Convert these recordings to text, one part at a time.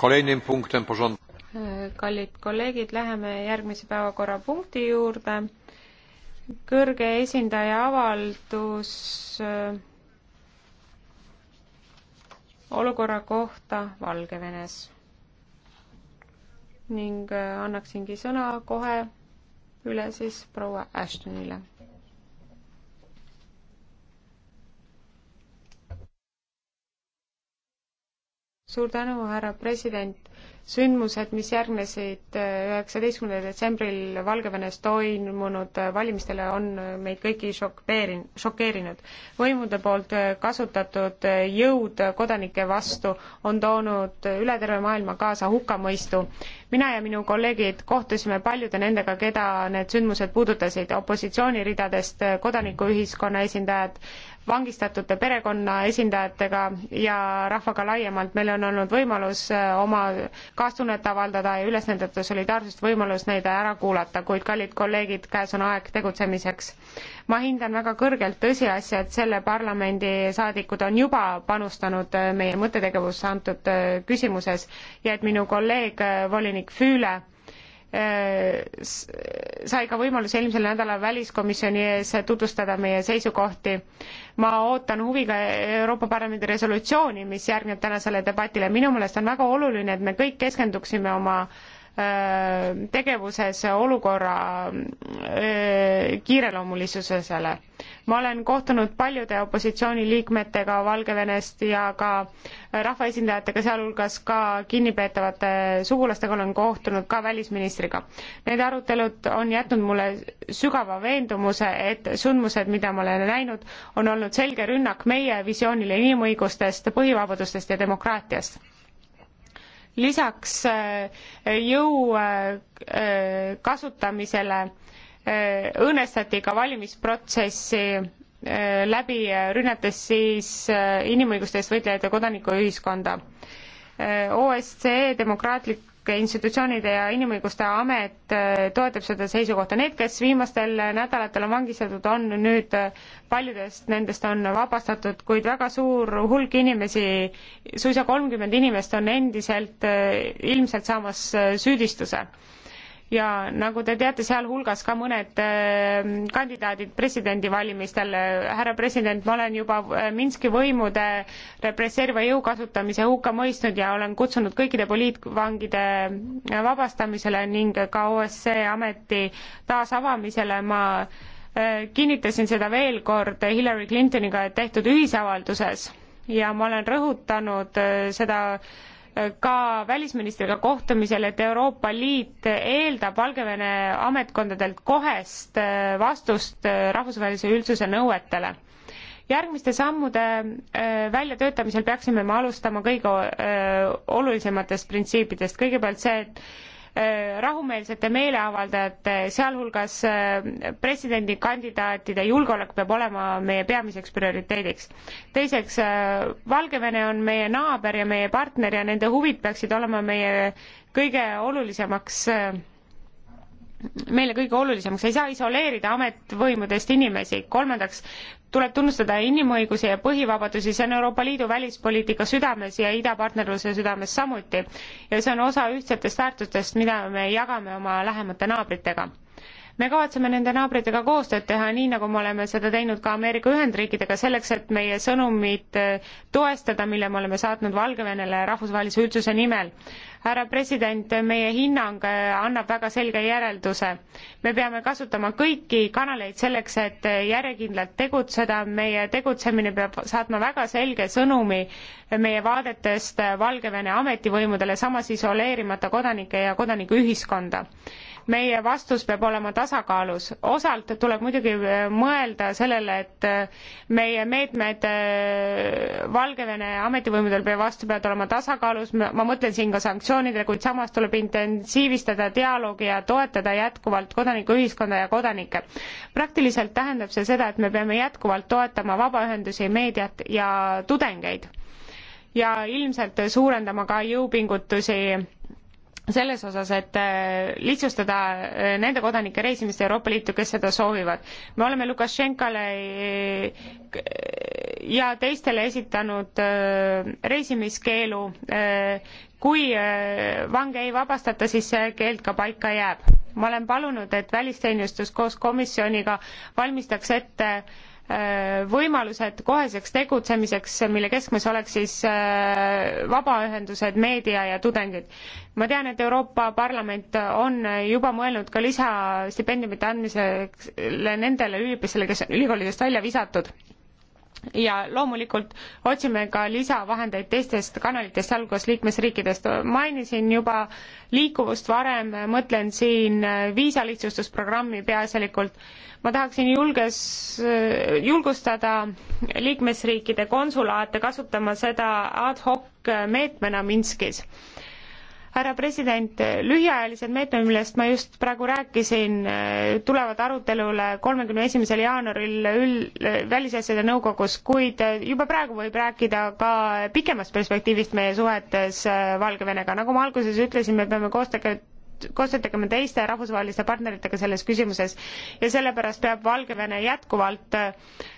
kallid kolleegid, läheme järgmise päevakorrapunkti juurde. kõrge esindaja avaldus äh, olukorra kohta Valgevenes. ning äh, annaksingi sõna kohe üle siis proua Ashtonile suur tänu, härra president. sündmused, mis järgnesid äh, üheksateistkümnendal detsembril Valgevenes toimunud äh, valimistele, on äh, meid kõiki šokeerin-, šokeerinud. võimude poolt kasutatud jõud kodanike vastu on toonud üle terve maailma kaasa hukkamõistu. mina ja minu kolleegid kohtusime paljude nendega, keda need sündmused puudutasid, opositsiooniridadest kodanikuühiskonna esindajad, vangistatute perekonna esindajatega ja rahvaga laiemalt. meil on olnud võimalus äh, oma kaastunnet avaldada ja üles näidata solidaarsust, võimalus neid ära kuulata, kuid kallid kolleegid, käes on aeg tegutsemiseks. ma hindan väga kõrgelt tõsiasja, et selle parlamendi saadikud on juba panustanud äh, meie mõttetegevusse antud äh, küsimuses ja et minu kolleeg, volinik Füüle Äh, sai ka võimaluse eelmisel nädalal väliskomisjoni ees tutvustada meie seisukohti. ma ootan huviga Euroopa Parlamendi resolutsiooni, mis järgneb tänasele debatile. minu meelest on väga oluline, et me kõik keskenduksime oma äh, tegevuses olukorra kiireloomulisusele. ma olen kohtunud paljude opositsiooniliikmetega Valgevenest ja ka rahvaesindajatega, sealhulgas ka kinnipeetavate sugulastega olen kohtunud ka välisministriga. Need arutelud on jätnud mulle sügava veendumuse, et sündmused, mida ma olen näinud, on olnud selge rünnak meie visioonile inimõigustest, põhivabadustest ja demokraatiast lisaks äh, jõu äh, kasutamisele äh, õõnestati ka valimisprotsessi läbi rünnates siis inimõiguste eest võitlejate kodanikuühiskonda. OSCE demokraatlik institutsioonide ja Inimõiguste Amet äh, toetab seda seisukohta. Need, kes viimastel nädalatel on vangistatud, on nüüd, äh, paljudest nendest on vabastatud, kuid väga suur hulk inimesi, suisa kolmkümmend inimest on endiselt äh, ilmselt saamas süüdistuse ja nagu te teate, sealhulgas ka mõned ehm, kandidaadid presidendivalimistel. härra president, ma olen juba ehm, Minski võimude represseeriva jõu kasutamise hukka mõistnud ja olen kutsunud kõikide poliitvangide ehm, vabastamisele ning ka OSCE ameti taasavamisele. ma kinnitasin seda veel kord Hillary Clintoniga tehtud ühisavalduses ja ma olen rõhutanud seda ka välisministriga kohtumisel, et Euroopa Liit eeldab Valgevene ametkondadelt kohest vastust rahvusvahelise üldsuse nõuetele järgmiste sammude äh, väljatöötamisel peaksime me alustama kõige äh, olulisematest printsiipidest, kõigepealt see, et Äh, rahumeelsete meeleavaldajate, sealhulgas äh, presidendikandidaatide julgeolek peab olema meie peamiseks prioriteediks. teiseks, äh, Valgevene on meie naaber ja meie partner ja nende huvid peaksid olema meie kõige olulisemaks meile kõige olulisemaks, ei saa isoleerida ametvõimudest inimesi, kolmandaks tuleb tunnustada inimõigusi ja põhivabadusi, see on Euroopa Liidu välispoliitika südames ja idapartnerluse südames samuti. ja see on osa ühtsetest väärtustest, mida me jagame oma lähemate naabritega. me kavatseme nende naabritega koostööd teha, nii nagu me oleme seda teinud ka Ameerika Ühendriikidega, selleks et meie sõnumit äh, toestada, mille me oleme saatnud Valgevenele rahvusvahelise üldsuse nimel härra president, meie hinnang äh, annab väga selge järelduse. me peame kasutama kõiki kanaleid selleks, et järjekindlalt tegutseda, meie tegutsemine peab saatma väga selge sõnumi meie vaadetest Valgevene ametivõimudele, samas isoleerimata kodanikke ja kodanikuühiskonda meie vastus peab olema tasakaalus. osalt tuleb muidugi äh, mõelda sellele, et äh, meie meetmed Valgevene ametivõimudel vastu peavad olema tasakaalus, ma mõtlen siin ka sanktsioone, sanktsioonidele, kuid samas tuleb intensiivistada dialoogi ja toetada jätkuvalt kodanikuühiskonda ja kodanikke. praktiliselt tähendab see seda, et me peame jätkuvalt toetama vabaühendusi, meediat ja tudengeid ja ilmselt suurendama ka jõupingutusi selles osas, et äh, lihtsustada äh, nende kodanike reisimist Euroopa Liitu, kes seda soovivad. me oleme Lukašenkale äh, ja teistele esitanud reisimiskeelu. kui vange ei vabastata, siis see keeld ka paika jääb. ma olen palunud, et välisteenistus koos komisjoniga valmistaks ette Äh, võimalused koheseks tegutsemiseks, mille keskmes oleks siis äh, vabaühendused, meedia ja tudengid. ma tean, et Euroopa Parlament on juba mõelnud ka lisastipendiumite andmisele nendele üliõpilastele, kes on ülikoolidest välja visatud ja loomulikult otsime ka lisavahendeid teistest kanalitest, sealhulgas liikmesriikidest. mainisin juba liikuvust varem, mõtlen siin viisalihtsustusprogrammi peaasjalikult. ma tahaksin julges, julgustada liikmesriikide konsulaate kasutama seda ad hoc meetmena Minskis härra president, lühiajalised meetmed, millest ma just praegu rääkisin, tulevad arutelule kolmekümne esimesel jaanuaril üld, välisasjade nõukogus, kuid juba praegu võib rääkida ka pikemast perspektiivist meie suhetes äh, Valgevenega, nagu ma alguses ütlesin, me peame koostööd koostööd tegema teiste rahvusvaheliste partneritega selles küsimuses ja sellepärast peab Valgevene jätkuvalt äh,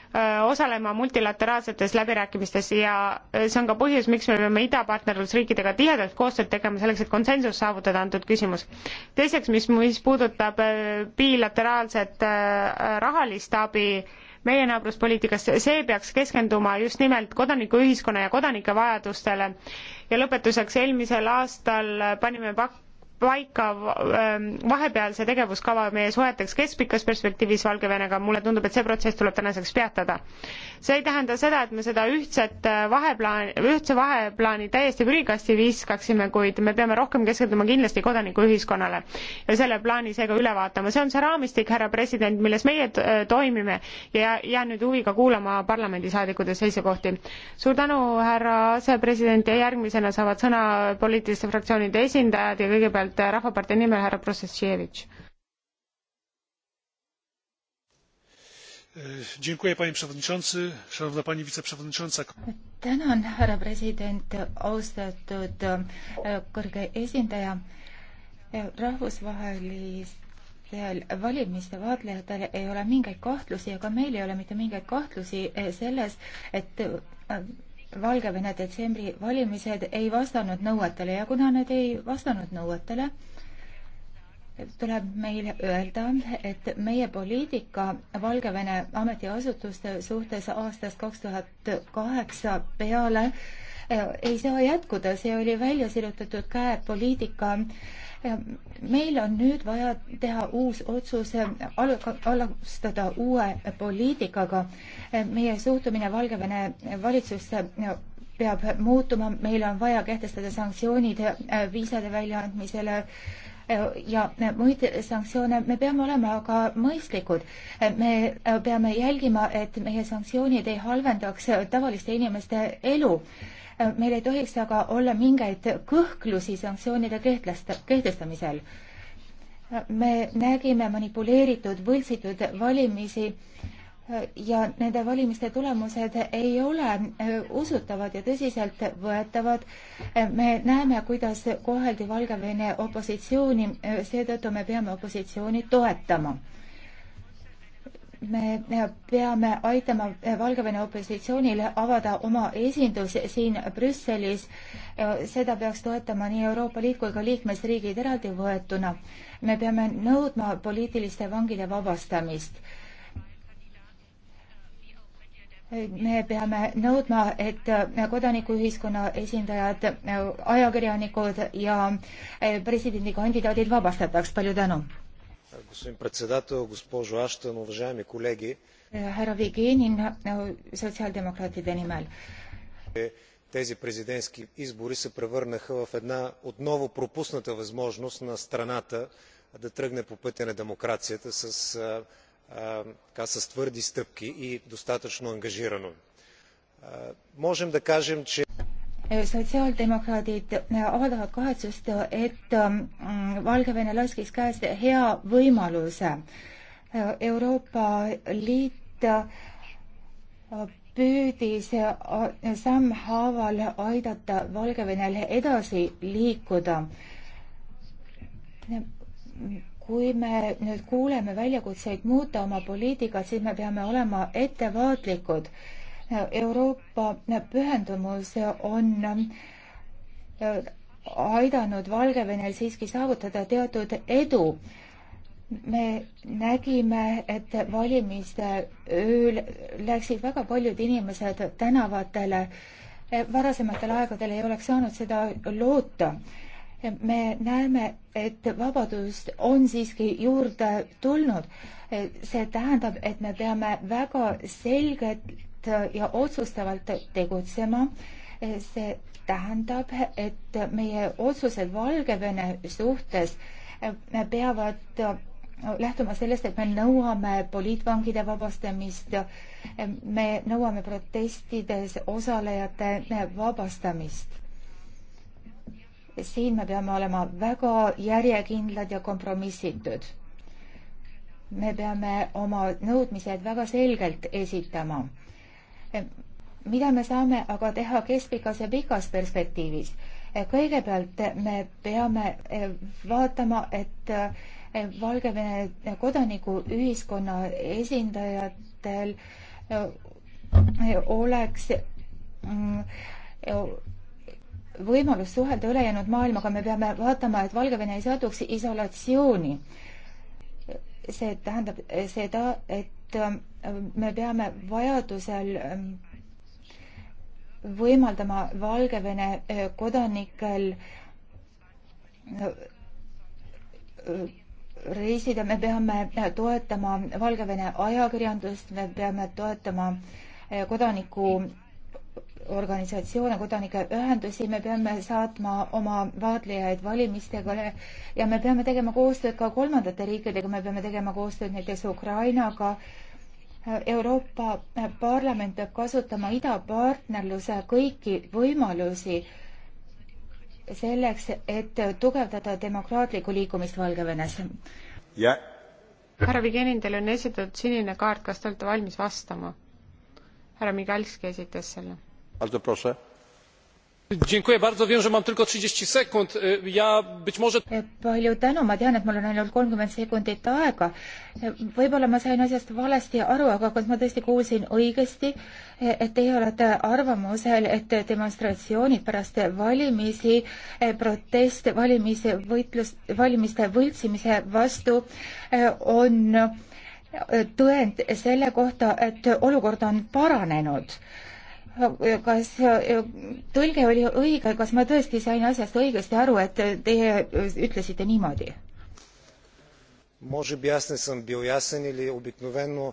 Äh, osalema multilateraalsetes läbirääkimistes ja äh, see on ka põhjus, miks me peame idapartnerlusriikidega tihedat koostööd tegema selleks, et konsensus saavutada antud küsimus. teiseks, mis, mis puudutab äh, bilateraalset rahalist abi meie naabruspoliitikas, see peaks keskenduma just nimelt kodanikuühiskonna ja kodanike vajadustele. ja lõpetuseks, eelmisel aastal panime pak-, paika ähm, vahepealse tegevuskava meie suheteks keskpikas perspektiivis Valgevenega, mulle tundub, et see protsess tuleb tänaseks peatada. see ei tähenda seda, et me seda ühtset äh, vaheplaani, ühtse vaheplaani täiesti prügikasti viskaksime, kuid me peame rohkem keskenduma kindlasti kodanikuühiskonnale ja selle plaani seega üle vaatama. see on see raamistik, härra president, milles meie äh, toimime ja jään nüüd huviga kuulama parlamendisaadikute seisukohti. suur tänu, härra asepresident ja järgmisena saavad sõna poliitiliste fraktsioonide esindajad ja kõigepealt kõigepealt Rahvapartei nimel härra Prosesjevitš. tänan, härra president, austatud eh, kõrge esindaja. Eh, rahvusvahelistel valimiste vaatlejatel ei ole mingeid kahtlusi, aga meil ei ole mitte mingeid kahtlusi eh, selles, et Valgevene detsembri valimised ei vastanud nõuetele ja kuna need ei vastanud nõuetele, tuleb meil öelda, et meie poliitika Valgevene ametiasutuste suhtes aastast 2008 peale eh, ei saa jätkuda. See oli välja sirutatud käe poliitika äh, meil on nüüd vaja teha uus otsus, äh, alustada uue poliitikaga. Äh, meie suhtumine Valgevene valitsusse äh, peab muutuma, meil on vaja kehtestada sanktsioonid viisade väljaandmisele ja muid sanktsioone, me peame olema aga mõistlikud. me peame jälgima, et meie sanktsioonid ei halvendaks tavaliste inimeste elu. meil ei tohiks aga olla mingeid kõhklusi sanktsioonide kehtest-, kehtestamisel me nägime manipuleeritud, võltsitud valimisi ja nende valimiste tulemused ei ole äh, usutavad ja tõsiseltvõetavad. Äh, me näeme, kuidas koheldi Valgevene opositsiooni, äh, seetõttu me peame opositsiooni toetama. me peame aitama Valgevene opositsioonile avada oma esindus siin Brüsselis. seda peaks toetama nii Euroopa Liit kui ka liikmesriigid eraldi võetuna. me peame nõudma poliitiliste vangide vabastamist me peame nõudma, et äh, kodanikuühiskonna esindajad, äh, ajakirjanikud ja äh, presidendikandidaadid vabastataks. palju tänu! härra Vigenin sotsiaaldemokraatide nimel. Тези президентски избори се превърнаха в една отново пропусната възможност на страната да тръгне по пътя на демокрацията с с твърди стъпки и достатъчно ангажирано. Можем да кажем, че sotsiaaldemokraadid avaldavad kahetsust, et Valgevene laskis käest hea võimaluse. Euroopa Liit püüdis sammhaaval aidata Valgevenel edasi liikuda kui me nüüd kuuleme väljakutseid muuta oma poliitikat, siis me peame olema ettevaatlikud. Euroopa pühendumus on äh, aidanud Valgevenel siiski saavutada teatud edu. me nägime, et valimiste ööl läksid väga paljud inimesed tänavatele. varasematel aegadel ei oleks saanud seda loota me näeme, et vabadust on siiski juurde tulnud. see tähendab, et me peame väga selgelt ja otsustavalt tegutsema. see tähendab, et meie otsused Valgevene suhtes peavad lähtuma sellest, et me nõuame poliitvangide vabastamist, me nõuame protestides osalejate vabastamist siin me peame olema väga järjekindlad ja kompromissitud. me peame oma nõudmised väga selgelt esitama. E, mida me saame aga teha keskpikas ja pikas perspektiivis? E, kõigepealt me peame e, vaatama, et Valgevene kodanikuühiskonna esindajatel oleks mm, võimalus suhelda ülejäänud maailmaga, me peame vaatama, et Valgevene ei satuks isolatsiooni. see tähendab seda, et ähm, me peame vajadusel ähm, võimaldama Valgevene äh, kodanikel äh, äh, reisida, me peame toetama Valgevene ajakirjandust, me peame toetama kodaniku organisatsioone, kodanikeühendusi, me peame saatma oma vaatlejaid valimistega ja me peame tegema koostööd ka kolmandate riikidega, me peame tegema koostööd näiteks Ukrainaga. Euroopa Parlament peab kasutama idapartnerluse kõiki võimalusi selleks, et tugevdada demokraatlikku liikumist Valgevenes. härra Vigenin, teile on esitatud sinine kaart, kas te olete valmis vastama? härra Migalski esitas selle wiem że mam tylko sekund ja być może. E, palju tänu ma tean et mul on ainult kolmkümmend sekundit aega e, võibolla ma sain asjast valesti aru aga kas ma tõesti kuulsin õigesti e, et teie olete arvamusel et demonstratsioonid pärast valimisi protest valimisvõitlus valimiste võltsimise vastu on tõend selle kohta et olukord on paranenud Äh, kas äh, tõlge oli õige, kas ma tõesti sain asjast õigesti aru, et teie äh, ütlesite niimoodi? може би аз не съм бил ясен или обикновено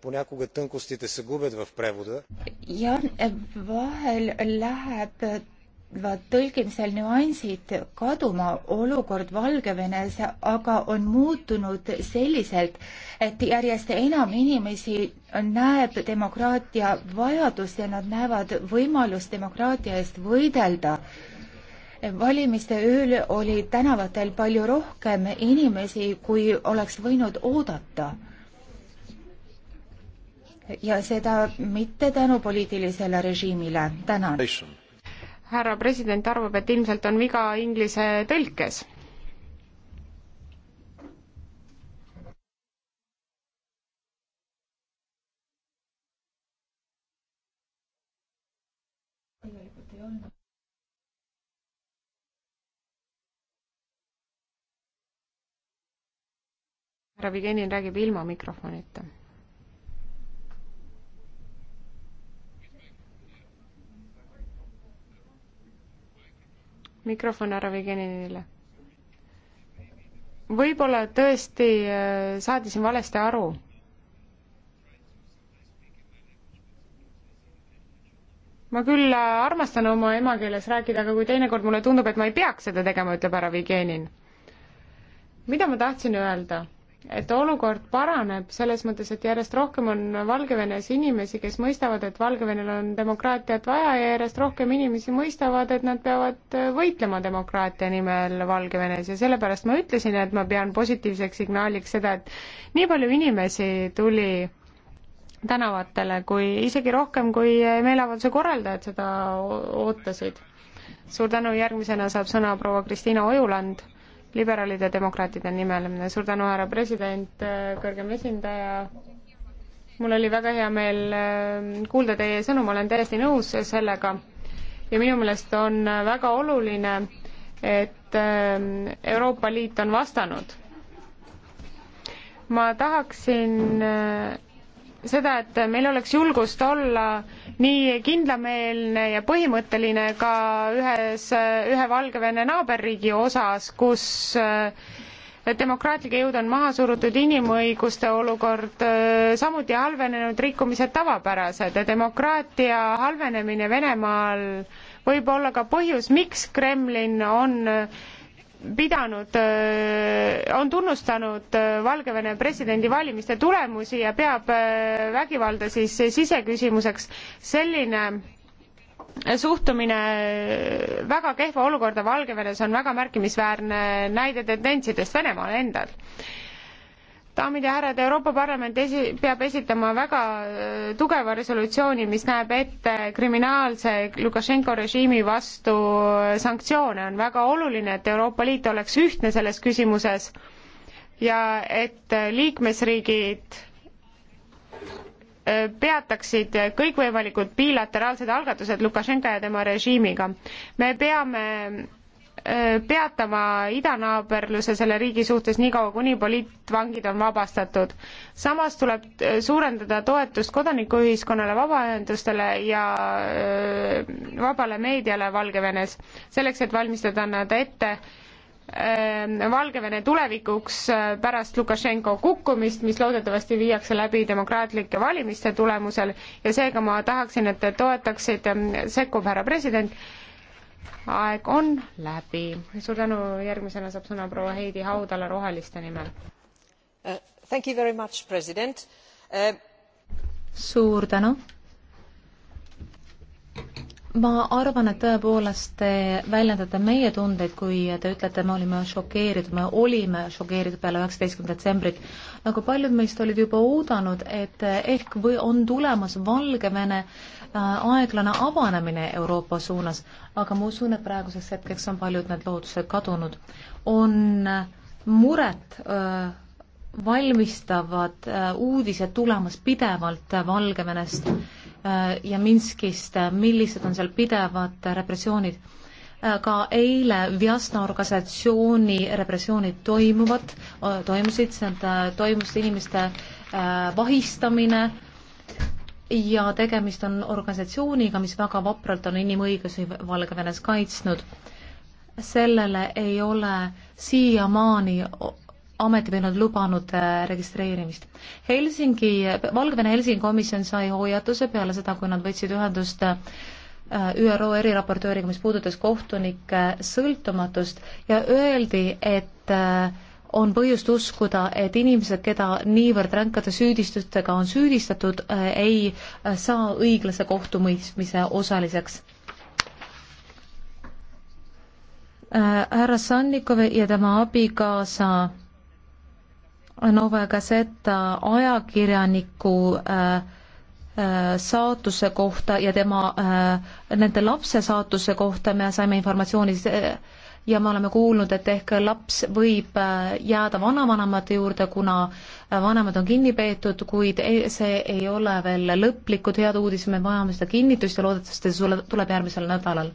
понякога тънкостите се губят в превода. Ja, vahel läheb lähevad tõlgimisel nüansid kaduma, olukord Valgevenes aga on muutunud selliselt, et järjest enam inimesi näeb demokraatia vajadust ja nad näevad võimalust demokraatia eest võidelda. valimiste ööl oli tänavatel palju rohkem inimesi, kui oleks võinud oodata ja seda mitte tänu poliitilisele režiimile. tänan härra president arvab, et ilmselt on viga inglise tõlkes. tegelikult ei olnud. härra Vigenin räägib ilma mikrofonita mikrofon härra Vigeninile. võib-olla tõesti äh, saadisin valesti aru ma küll äh, armastan oma emakeeles rääkida, aga kui teinekord mulle tundub, et ma ei peaks seda tegema, ütleb härra Vigenin. mida ma tahtsin öelda? et olukord paraneb selles mõttes, et järjest rohkem on Valgevenes inimesi, kes mõistavad, et Valgevenel on demokraatiat vaja ja järjest rohkem inimesi mõistavad, et nad peavad võitlema demokraatia nimel Valgevenes ja sellepärast ma ütlesin, et ma pean positiivseks signaaliks seda, et nii palju inimesi tuli tänavatele, kui isegi rohkem, kui meeleavalduse korraldajad seda ootasid. suur tänu, järgmisena saab sõna proua Kristiina Ojuland liberaalide ja demokraatide nimel. suur tänu, härra president, kõrgem esindaja. mul oli väga hea meel äh, kuulda teie sõnu, ma olen täiesti nõus sellega. ja minu meelest on väga oluline, et äh, Euroopa Liit on vastanud. ma tahaksin äh, seda, et meil oleks julgust olla nii kindlameelne ja põhimõtteline ka ühes, ühe Valgevene naaberriigi osas, kus äh, demokraatlik jõud on maha surutud, inimõiguste olukord äh, samuti halvenenud, rikkumised tavapärased ja demokraatia halvenemine Venemaal võib olla ka põhjus, miks Kremlin on äh, pidanud, on tunnustanud Valgevene presidendivalimiste tulemusi ja peab vägivalda siis siseküsimuseks. selline suhtumine väga kehva olukorda Valgevenes on väga märkimisväärne näide tendentsidest Venemaal endal daamid ja härrad, Euroopa Parlament esi-, peab esitama väga äh, tugeva resolutsiooni, mis näeb ette kriminaalse Lukašenko režiimi vastu äh, sanktsioone. on väga oluline, et Euroopa Liit oleks ühtne selles küsimuses ja et äh, liikmesriigid peataksid kõikvõimalikud bilateraalsed algatused Lukašenka ja tema režiimiga. me peame Äh, peatama idanaaberluse selle riigi suhtes niikaua, kuni poliitvangid on vabastatud. samas tuleb äh, suurendada toetust kodanikuühiskonnale, vabaühendustele ja äh, vabale meediale Valgevenes, selleks et valmistada nad ette Valgevene tulevikuks pärast Lukašenko kukkumist, mis loodetavasti viiakse läbi demokraatlike valimiste tulemusel ja seega ma tahaksin, et te toetaksite, sekkub härra president, aeg on läbi. suur tänu, järgmisena saab sõna proua Heidi Haudala Roheliste nimel uh,. Much, uh... suur tänu ma arvan, et tõepoolest te väljendate meie tundeid, kui te ütlete, me olime šokeeritud, me olime šokeeritud peale üheksateistkümnendat detsembrit. nagu paljud meist olid juba oodanud, et ehk või on tulemas Valgevene äh, aeglane avanemine Euroopa suunas, aga ma usun, et praeguseks hetkeks on paljud need lootused kadunud. on äh, muret äh, valmistavad uudised tulemas pidevalt Valgevenest Äh, ja Minskist, äh, millised on seal pidevad äh, repressioonid. ka eile Vjasna organisatsiooni repressioonid toimuvad, toimusid, toimus inimeste vahistamine ja tegemist on organisatsiooniga, mis väga vapralt on inimõigusi Valgevenes kaitsnud sellele ei ole siiamaani ametivõim on lubanud äh, registreerimist. Helsingi, Valgevene Helsingi komisjon sai hoiatuse peale seda, kui nad võtsid ühendust äh, ÜRO eriraportööriga, mis puudutas kohtunike äh, sõltumatust ja öeldi, et on põhjust uskuda, et inimesed, keda niivõrd ränkade süüdistustega on süüdistatud, ei saa õiglase kohtumõistmise osaliseks härra Sannikov ja tema abikaasa Nova Gazeta ajakirjaniku äh, äh, saatuse kohta ja tema, äh, nende lapse saatuse kohta me saime informatsiooni äh, ja me oleme kuulnud, et ehk laps võib jääda vanavanemate juurde, kuna vanemad on kinni peetud, kuid ei, see ei ole veel lõplikud head uudised, me vajame seda kinnitust ja loodetavasti see tuleb järgmisel nädalal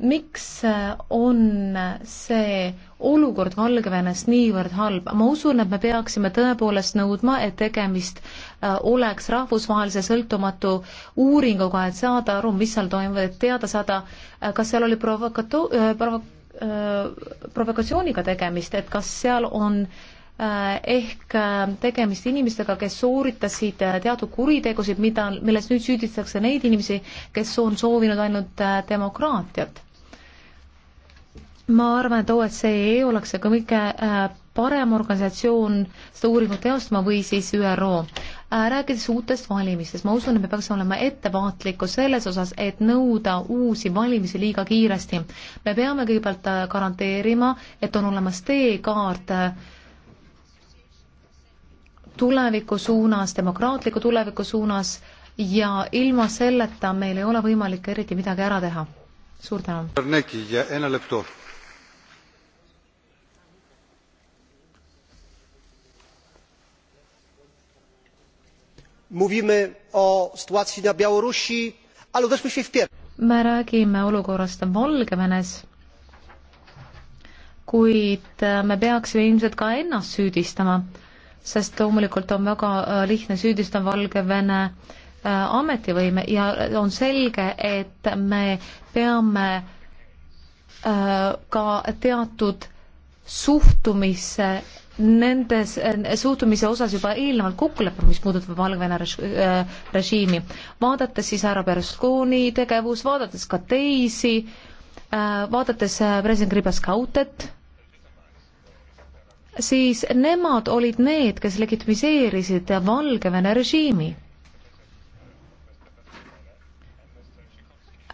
miks äh, on see olukord Valgevenes niivõrd halb? ma usun, et me peaksime tõepoolest nõudma, et tegemist äh, oleks rahvusvahelise sõltumatu uuringuga, et saada aru, mis seal toimub, et teada saada, äh, kas seal oli provokato-, provo-, provokatsiooniga tegemist, et kas seal on äh, Äh, ehk äh, tegemist inimestega, kes sooritasid äh, teatud kuritegusid, mida, milles nüüd süüdistatakse neid inimesi, kes on soovinud ainult demokraatiat. ma arvan, et OSCE oleks aga kõige parem organisatsioon seda uuringut teostama või siis ÜRO. rääkides uutest valimistest, ma usun, et me peaks olema ettevaatlikud selles osas, et nõuda uusi valimisi liiga kiiresti. me peame kõigepealt garanteerima, et on olemas teekaart äh, tuleviku suunas, demokraatliku tuleviku suunas ja ilma selleta meil ei ole võimalik eriti midagi ära teha. suur tänu. mówimy o sytuacji na białorusi ale uderzmy się w pierś. me räägime olukorrast valgevenes kuid me peaksime ilmselt ka ennast süüdistama sest loomulikult on väga äh, lihtne süüdistada Valgevene äh, ametivõime ja on selge, et me peame äh, ka teatud suhtumisse nendes, suhtumise osas juba eelnevalt kokku leppima, mis puudutab Valgevene režiimi. vaadates siis härra Berlusconi tegevus, vaadates ka teisi, vaadates president Gribas Kautet, siis nemad olid need, kes legitimiseerisid Valgevene režiimi.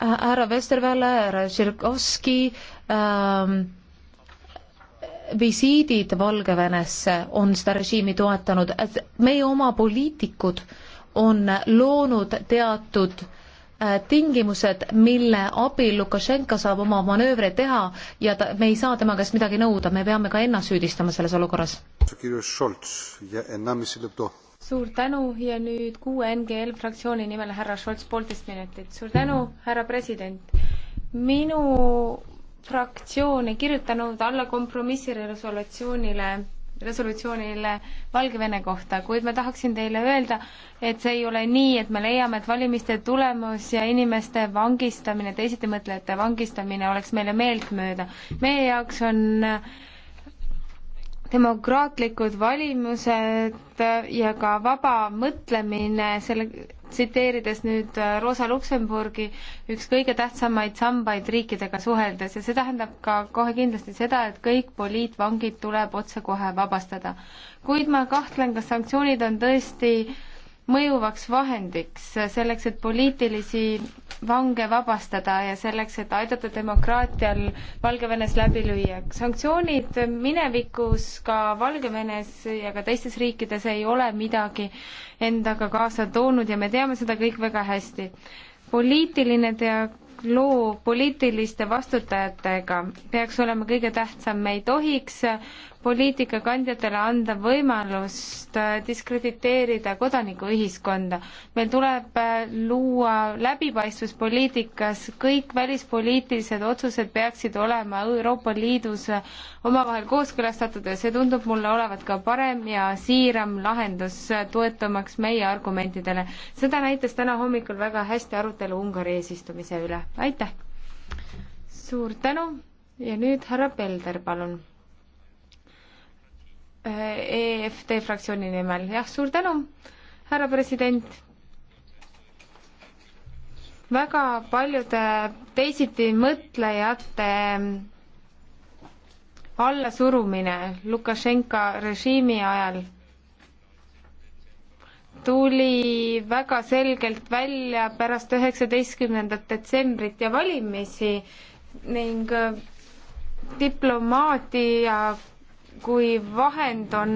härra Vesterväele, härra Tšerkovski ähm, visiidid Valgevenesse on seda režiimi toetanud, et meie oma poliitikud on loonud teatud äh, Äh, tingimused, mille abil Lukašenka saab oma manöövre teha ja ta, me ei saa tema käest midagi nõuda, me peame ka ennast süüdistama selles olukorras. suur tänu ja nüüd kuue NGL fraktsiooni nimel härra Scholz, poolteist minutit. suur tänu, härra president. minu fraktsioon ei kirjutanud alla kompromissiresolutsioonile resolutsioonile Valgevene kohta, kuid ma tahaksin teile öelda, et see ei ole nii, et me leiame, et valimiste tulemus ja inimeste vangistamine, teisitimõtlejate vangistamine oleks meile meeltmööda. meie jaoks on äh, demokraatlikud valimised ja ka vaba mõtlemine, selle, tsiteerides nüüd äh, Rosa Luxemburgi, üks kõige tähtsamaid sambaid riikidega suheldes ja see tähendab ka kohe kindlasti seda, et kõik poliitvangid tuleb otsekohe vabastada. kuid ma kahtlen, kas sanktsioonid on tõesti äh, mõjuvaks vahendiks selleks, et poliitilisi vange vabastada ja selleks, et aidata demokraatial Valgevenes läbi lüüa. sanktsioonid minevikus ka Valgevenes ja ka teistes riikides ei ole midagi endaga kaasa toonud ja me teame seda kõik väga hästi. poliitiline dialoog poliitiliste vastutajatega peaks olema kõige tähtsam, me ei tohiks poliitikakandjatele anda võimalust äh, diskrediteerida kodanikuühiskonda. meil tuleb äh, luua läbipaistvus poliitikas, kõik välispoliitilised otsused peaksid olema Euroopa Liidus äh, omavahel kooskõlastatud ja see tundub mulle olevat ka parem ja siiram lahendus, toetumaks meie argumentidele. seda näitas täna hommikul väga hästi arutelu Ungari eesistumise üle, aitäh! suur tänu ja nüüd härra Pelder, palun EFT fraktsiooni nimel, jah, suur tänu, härra president. väga paljude teisiti mõtlejate allasurumine Lukašenka režiimi ajal tuli väga selgelt välja pärast üheksateistkümnendat detsembrit ja valimisi ning diplomaatia kui vahend on,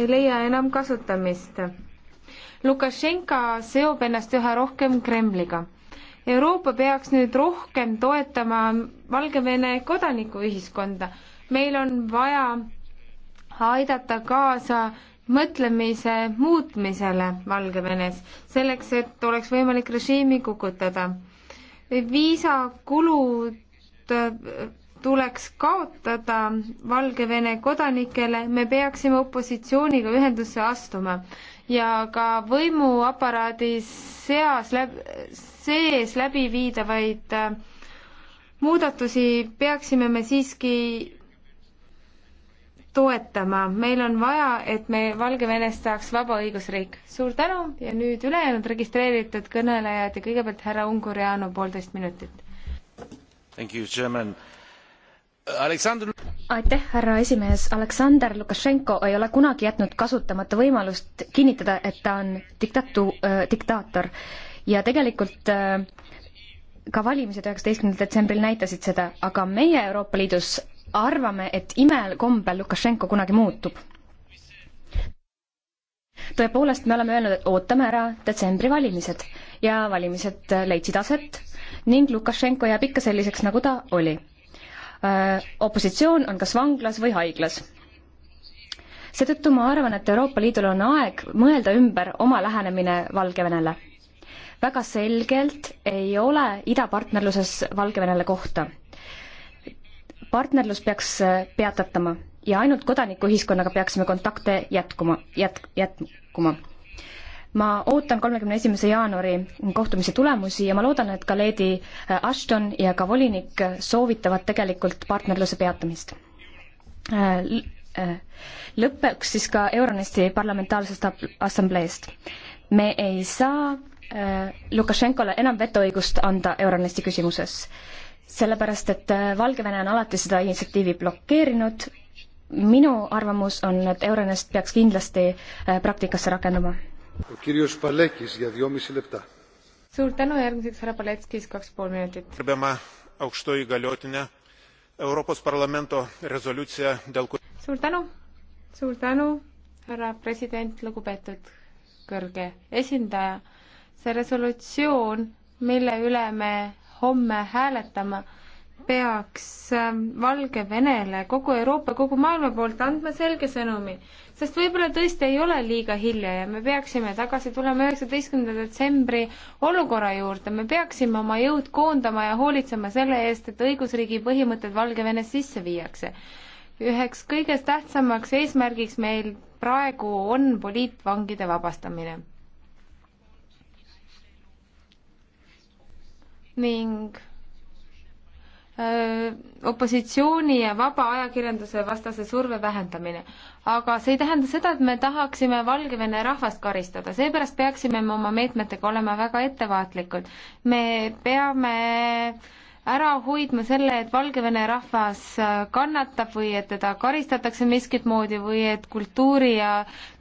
ei leia enam kasutamist. Lukašenka seob ennast üha rohkem Kremliga. Euroopa peaks nüüd rohkem toetama Valgevene kodanikuühiskonda. meil on vaja aidata kaasa mõtlemise muutmisele Valgevenes, selleks et oleks võimalik režiimi kukutada. viisakulud tuleks kaotada Valgevene kodanikele, me peaksime opositsiooniga ühendusse astuma ja ka võimuaparaadi seas läb-, sees läbi viidavaid äh, muudatusi peaksime me siiski toetama, meil on vaja, et me Valgevenest saaks vaba õigusriik. suur tänu ja nüüd ülejäänud registreeritud kõnelejad ja kõigepealt härra Ungurjanu, poolteist minutit. Thank you, chairman Aleksandr... aitäh, härra esimees, Aleksander Lukašenko ei ole kunagi jätnud kasutamata võimalust kinnitada, et ta on diktatu- äh,, diktaator. ja tegelikult äh, ka valimised üheksateistkümnendal detsembril näitasid seda, aga meie Euroopa Liidus arvame, et imekombel Lukašenko kunagi muutub. tõepoolest, me oleme öelnud, et ootame ära detsembri valimised ja valimised leidsid aset ning Lukašenko jääb ikka selliseks, nagu ta oli Äh, opositsioon on kas vanglas või haiglas. seetõttu ma arvan, et Euroopa Liidul on aeg mõelda ümber oma lähenemine Valgevenele. väga selgelt ei ole idapartnerluses Valgevenele kohta. partnerlus peaks äh, peatatama ja ainult kodanikuühiskonnaga peaksime kontakte jätkuma, jät-, jätkuma ma ootan kolmekümne esimese jaanuari kohtumise tulemusi ja ma loodan, et ka Lady äh, Ashton ja ka volinik soovitavad tegelikult partnerluse peatamist. Äh, äh, Lõpuks siis ka Euronesti parlamentaarsest assambleest. me ei saa Lukašenkole enam vetoõigust anda Euronesti küsimuses, sellepärast et Valgevene on alati seda initsiatiivi blokeerinud, minu arvamus on, et Euronest peaks kindlasti praktikasse rakenduma suur tänu, järgmiseks härra Paletskis, kaks pool minutit. suur tänu, suur tänu, härra president, lugupeetud kõrge esindaja. see resolutsioon, mille üle me homme hääletame, peaks ähm, Valgevenele kogu Euroopa, kogu maailma poolt andma selge sõnumi, sest võib-olla tõesti ei ole liiga hilja ja me peaksime tagasi tulema üheksateistkümnenda detsembri olukorra juurde, me peaksime oma jõud koondama ja hoolitsema selle eest, et õigusriigi põhimõtted Valgevenes sisse viiakse. üheks kõige tähtsamaks eesmärgiks meil praegu on poliitvangide vabastamine. ning opositsiooni ja vaba ajakirjanduse vastase surve vähendamine. aga see ei tähenda seda, et me tahaksime Valgevene rahvast karistada, seepärast peaksime me oma meetmetega olema väga ettevaatlikud. me peame ära hoidma selle, et Valgevene rahvas äh, kannatab või et teda karistatakse miskit moodi või et kultuuri- ja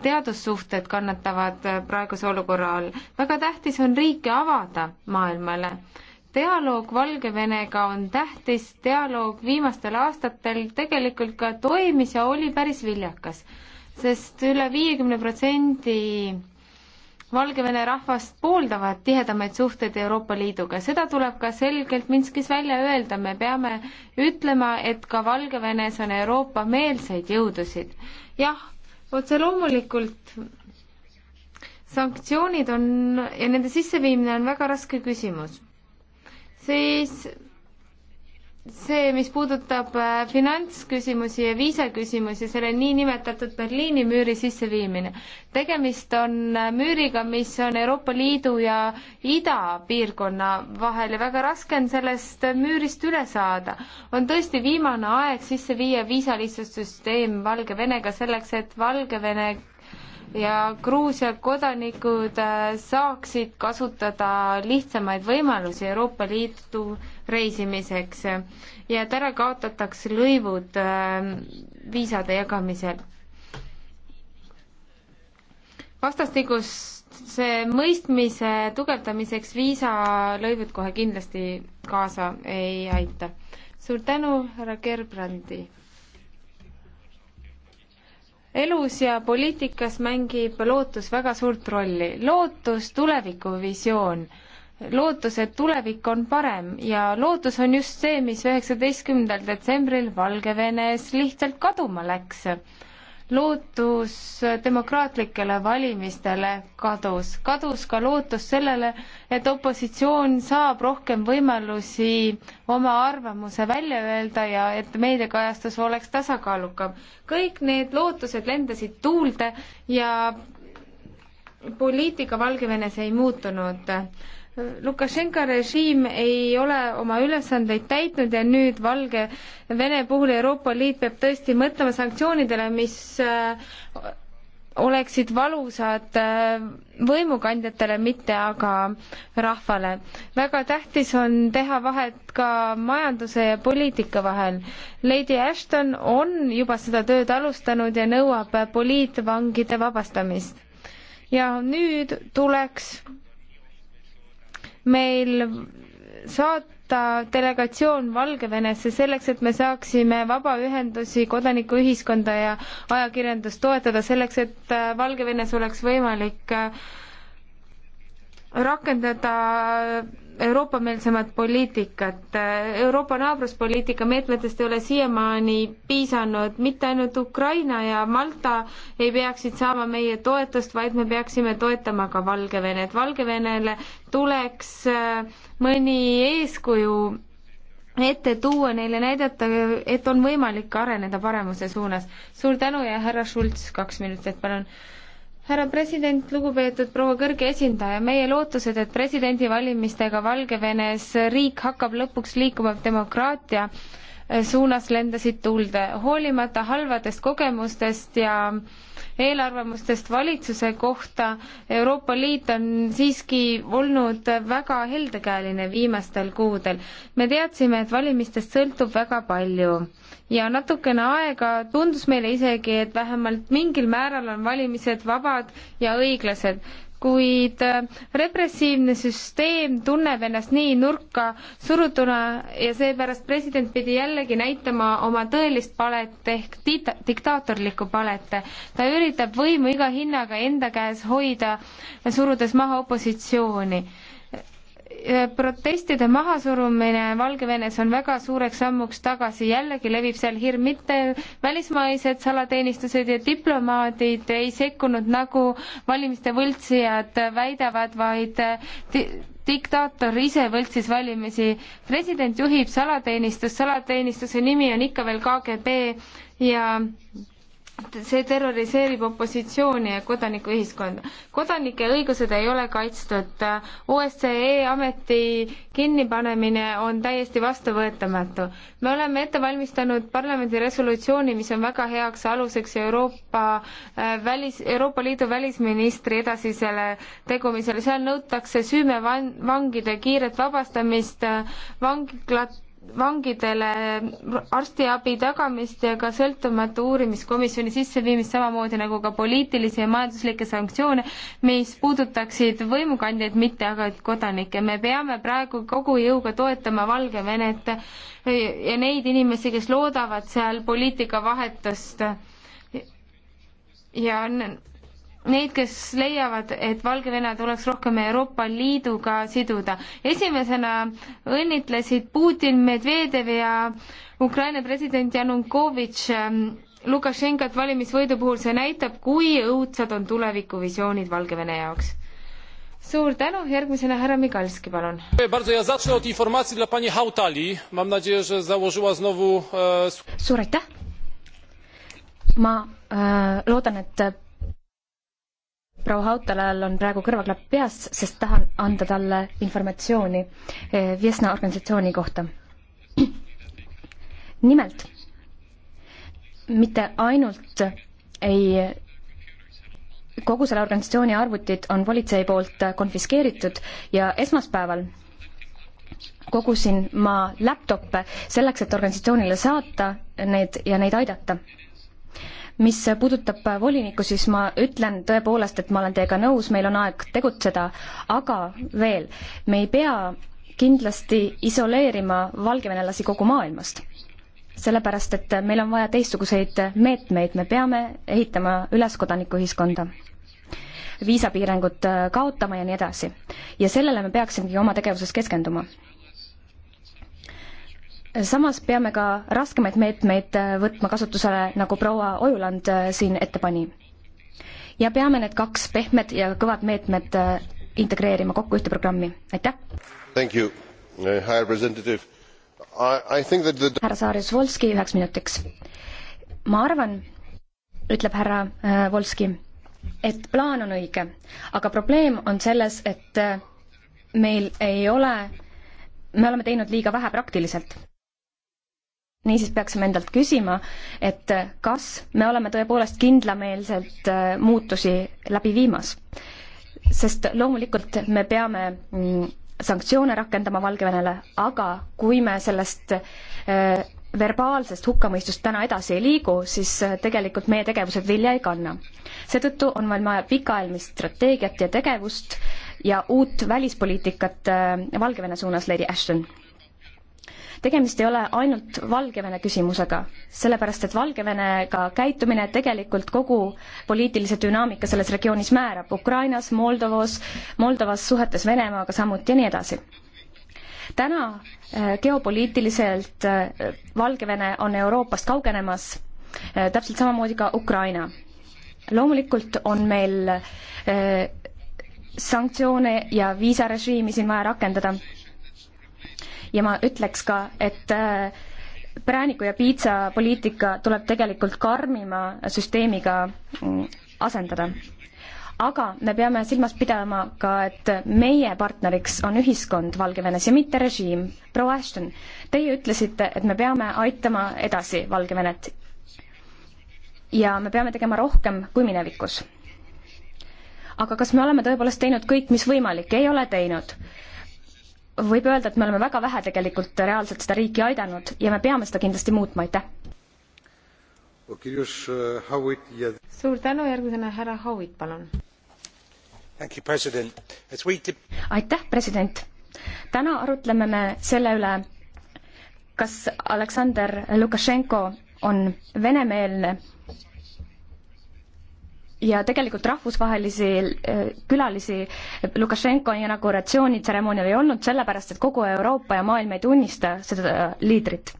teadussuhted kannatavad äh, praeguse olukorra all. väga tähtis on riike avada maailmale dialoog Valgevenega on tähtis, dialoog viimastel aastatel tegelikult ka toimis ja oli päris viljakas, sest üle viiekümne protsendi Valgevene rahvast pooldavad tihedamaid suhteid Euroopa Liiduga, seda tuleb ka selgelt Minskis välja öelda, me peame ütlema, et ka Valgevenes on Euroopa-meelseid jõudusid. jah, otse loomulikult sanktsioonid on ja nende sisseviimine on väga raske küsimus siis see, mis puudutab äh, finantsküsimusi ja viisaküsimusi, selle niinimetatud Berliini müüri sisseviimine. tegemist on äh, müüriga, mis on Euroopa Liidu ja idapiirkonna vahel ja väga raske on sellest äh, müürist üle saada. on tõesti viimane aeg sisse viia viisalihtsustussüsteem Valgevenega selleks, et Valgevene ja Gruusia kodanikud äh, saaksid kasutada lihtsamaid võimalusi Euroopa Liitu reisimiseks ja et ära kaotataks lõivud äh, viisade jagamisel. vastastikuse mõistmise tugevdamiseks viisalõivud kohe kindlasti kaasa ei aita. suur tänu, härra Gerbrandi! elus ja poliitikas mängib lootus väga suurt rolli. lootus, tulevikuvisioon, lootus, et tulevik on parem ja lootus on just see, mis üheksateistkümnendal detsembril Valgevenes lihtsalt kaduma läks lootus demokraatlikele valimistele kadus, kadus ka lootus sellele, et opositsioon saab rohkem võimalusi oma arvamuse välja öelda ja et meediakajastus oleks tasakaalukam. kõik need lootused lendasid tuulde ja poliitika Valgevenes ei muutunud Lukašenka režiim ei ole oma ülesandeid täitnud ja nüüd Valgevene puhul Euroopa Liit peab tõesti mõtlema sanktsioonidele, mis äh, oleksid valusad äh, võimukandjatele, mitte aga rahvale. väga tähtis on teha vahet ka majanduse ja poliitika vahel. Lady Ashton on juba seda tööd alustanud ja nõuab poliitvangide vabastamist. ja nüüd tuleks meil saata delegatsioon Valgevenesse selleks, et me saaksime vabaühendusi, kodanikuühiskonda ja ajakirjandust toetada, selleks et äh, Valgevenes oleks võimalik äh, rakendada Euroopa-meelsemat poliitikat. Euroopa naabruspoliitika meetmetest ei ole siiamaani piisanud, mitte ainult Ukraina ja Malta ei peaksid saama meie toetust, vaid me peaksime toetama ka Valgevenet. Valgevenele tuleks äh, mõni eeskuju ette tuua, neile näidata, et on võimalik areneda paremuse suunas. suur tänu ja härra Schulz, kaks minutit, palun härra president, lugupeetud proua kõrge esindaja, meie lootused, et presidendivalimistega Valgevenes riik hakkab lõpuks liikuma demokraatia eh, suunas, lendasid tuulde. hoolimata halvadest kogemustest ja eelarvamustest valitsuse kohta, Euroopa Liit on siiski olnud väga heldekäeline viimastel kuudel. me teadsime, et valimistest sõltub väga palju ja natukene aega tundus meile isegi, et vähemalt mingil määral on valimised vabad ja õiglased, kuid äh, repressiivne süsteem tunneb ennast nii nurka surutuna ja seepärast president pidi jällegi näitama oma tõelist palet ehk dita-, diktaatorlikku palet. ta üritab võimu iga hinnaga enda käes hoida, surudes maha opositsiooni Äh, protestide mahasurumine Valgevenes on väga suureks sammuks tagasi, jällegi levib seal hirm, mitte välismaised salateenistused ja diplomaadid ei sekkunud, nagu valimiste võltsijad väidavad, vaid äh, di diktaator ise võltsis valimisi. president juhib salateenistust, salateenistuse nimi on ikka veel KGB ja see terroriseerib opositsiooni ja kodanikuühiskonda. kodanike õigused ei ole kaitstud. OSCE ameti kinnipanemine on täiesti vastuvõetamatu. me oleme ette valmistanud parlamendi resolutsiooni, mis on väga heaks aluseks Euroopa äh, välis, Euroopa Liidu välisministri edasisele tegumisele. seal nõutakse süümevangide kiiret vabastamist, vanglat vangidele arstiabi tagamist ja ka sõltumatu uurimiskomisjoni sisseviimist, samamoodi nagu ka poliitilisi ja majanduslikke sanktsioone, mis puudutaksid võimukandjaid, mitte aga kodanikke. me peame praegu kogu jõuga toetama Valgevenet ja neid inimesi, kes loodavad seal poliitikavahetust ja neid, kes leiavad, et Valgevene tuleks rohkem Euroopa Liiduga siduda. esimesena õnnitlesid Putin, Medvedev ja Ukraina president Janukovitš ähm, Lukašenkat valimisvõidu puhul, see näitab, kui õudsad on tulevikuvisioonid Valgevene jaoks. suur tänu, järgmisena härra Migalski, palun. E, suur aitäh! ma äh, loodan, et proua Hautalal on praegu kõrvaklapp peas, sest tahan anda talle informatsiooni eh, Viesna organisatsiooni kohta. nimelt, mitte ainult ei kogu selle organisatsiooni arvutid on politsei poolt konfiskeeritud ja esmaspäeval kogusin ma laptoppe selleks, et organisatsioonile saata need ja neid aidata mis puudutab volinikku, siis ma ütlen tõepoolest, et ma olen teiega nõus, meil on aeg tegutseda, aga veel, me ei pea kindlasti isoleerima valgevenelasi kogu maailmast. sellepärast, et meil on vaja teistsuguseid meetmeid, me peame ehitama üles kodanikuühiskonda viisapiirangud kaotama ja nii edasi. ja sellele me peaksimegi oma tegevuses keskenduma samas peame ka raskemaid meetmeid äh, võtma kasutusele, nagu proua Ojuland äh, siin ette pani. ja peame need kaks pehmed ja kõvad meetmed äh, integreerima kokku ühte programmi, aitäh! Uh, härra Saarjus-Volski üheks minutiks. ma arvan, ütleb härra äh, Volski, et plaan on õige, aga probleem on selles, et äh, meil ei ole, me oleme teinud liiga vähe praktiliselt niisiis peaksime endalt küsima, et kas me oleme tõepoolest kindlameelselt äh, muutusi läbi viimas. sest loomulikult me peame mm, sanktsioone rakendama Valgevenele, aga kui me sellest äh, verbaalsest hukkamõistust täna edasi ei liigu, siis äh, tegelikult meie tegevused vilja ei kanna. seetõttu on meil vaja pikaajalist strateegiat ja tegevust ja uut välispoliitikat Valgevene suunas, Lady Ashton tegemist ei ole ainult Valgevene küsimusega, sellepärast et Valgevenega käitumine tegelikult kogu poliitilise dünaamika selles regioonis määrab Ukrainas, Moldovos, Moldovas suhetes Venemaaga samuti ja nii edasi. täna äh, geopoliitiliselt äh, Valgevene on Euroopast kaugenemas, äh, täpselt samamoodi ka Ukraina. loomulikult on meil sanktsioone ja viisarežiimi siin vaja rakendada ja ma ütleks ka, et äh, prääniku ja piitsa poliitika tuleb tegelikult karmima süsteemiga mm, asendada. aga me peame silmas pidama ka, et meie partneriks on ühiskond Valgevenes ja mitte režiim. proua Ashton, teie ütlesite, et me peame aitama edasi Valgevenet. ja me peame tegema rohkem kui minevikus. aga kas me oleme tõepoolest teinud kõik, mis võimalik? ei ole teinud võib öelda, et me oleme väga vähe tegelikult reaalselt seda riiki aidanud ja me peame seda kindlasti muutma, aitäh. Uh, suur tänu, järgmisena härra Howitt, palun. aitäh, president. täna arutleme me selle üle, kas Aleksander Lukašenko on venemeelne ja tegelikult rahvusvahelisi eh, külalisi Lukašenko inauguratsioonitseremoonial ei olnud, sellepärast et kogu Euroopa ja maailm ei tunnista seda liidrit.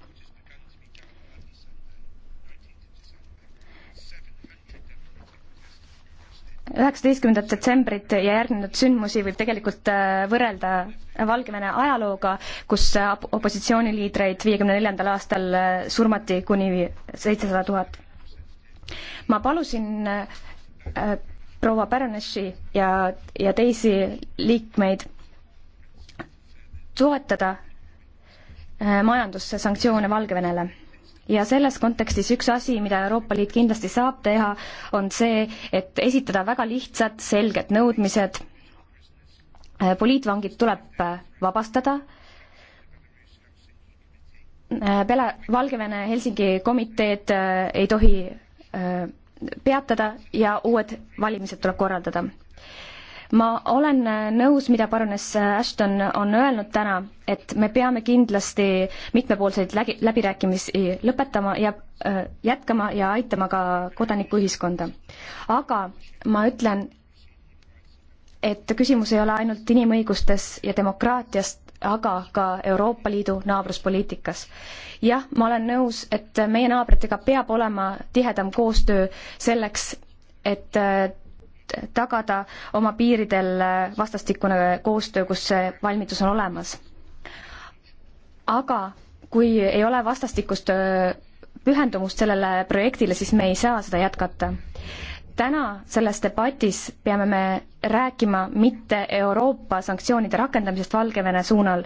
üheksateistkümnendat detsembrit ja järgnenud sündmusi võib tegelikult eh, võrrelda Valgevene ajalooga, kus opositsiooniliidreid viiekümne neljandal aastal eh, surmati kuni seitsesada tuhat ma palusin Äh, proua Pärneši ja, ja teisi liikmeid toetada äh, majandussanktsioone Valgevenele. ja selles kontekstis üks asi, mida Euroopa Liit kindlasti saab teha, on see, et esitada väga lihtsad, selged nõudmised. Äh, poliitvangid tuleb vabastada. Bela-, Valgevene Helsingi komiteed ei tohi peatada ja uued valimised tuleb korraldada. ma olen nõus, mida baroness Ashton on öelnud täna, et me peame kindlasti mitmepoolseid läbi, läbirääkimisi lõpetama ja äh, jätkama ja aitama ka kodanikuühiskonda. aga ma ütlen, et küsimus ei ole ainult inimõigustes ja demokraatiast, aga ka Euroopa Liidu naabruspoliitikas. jah, ma olen nõus, et meie naabritega peab olema tihedam koostöö selleks, et äh, tagada oma piiridel äh, vastastikune koostöö, kus see valmidus on olemas. aga kui ei ole vastastikust äh, pühendumust sellele projektile, siis me ei saa seda jätkata täna selles debatis peame me rääkima mitte Euroopa sanktsioonide rakendamisest Valgevene suunal,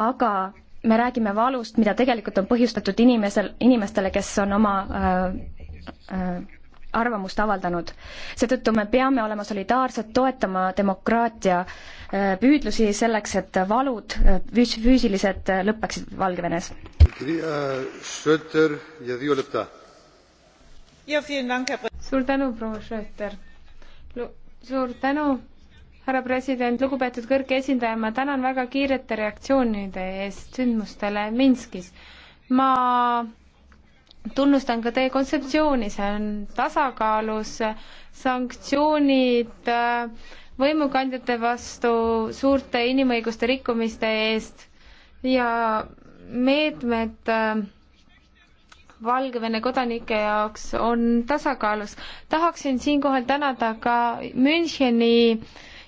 aga me räägime valust, mida tegelikult on põhjustatud inimesel, inimestele, kes on oma äh, äh, arvamust avaldanud. seetõttu me peame olema solidaarsed, toetama demokraatia äh, püüdlusi selleks, et valud äh, füüs-, füüsilised äh, lõpeksid Valgevenes. Söter ja Violeta suur tänu, proua Schröter. suur tänu, härra president, lugupeetud kõrge esindaja, ma tänan väga kiirete reaktsioonide eest sündmustele Minskis. ma tunnustan ka teie kontseptsiooni, see on tasakaalus, sanktsioonid äh, võimukandjate vastu suurte inimõiguste rikkumiste eest ja meetmed äh, Valgevene kodanike jaoks on tasakaalus. tahaksin siinkohal tänada ka Müncheni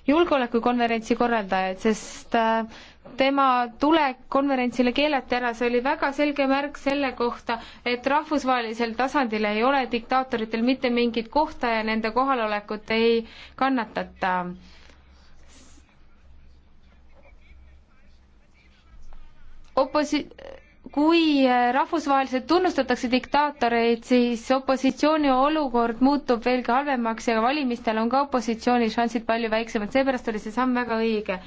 julgeolekukonverentsi korraldajaid, sest äh, tema tulek konverentsile keelati ära, see oli väga selge märk selle kohta, et rahvusvahelisel tasandil ei ole diktaatoritel mitte mingit kohta ja nende kohalolekut ei kannatata. oposi-, kui äh, rahvusvaheliselt tunnustatakse diktaatoreid, siis opositsiooni olukord muutub veelgi halvemaks ja valimistel on ka opositsiooni šansid palju väiksemad, seepärast oli see samm väga õige.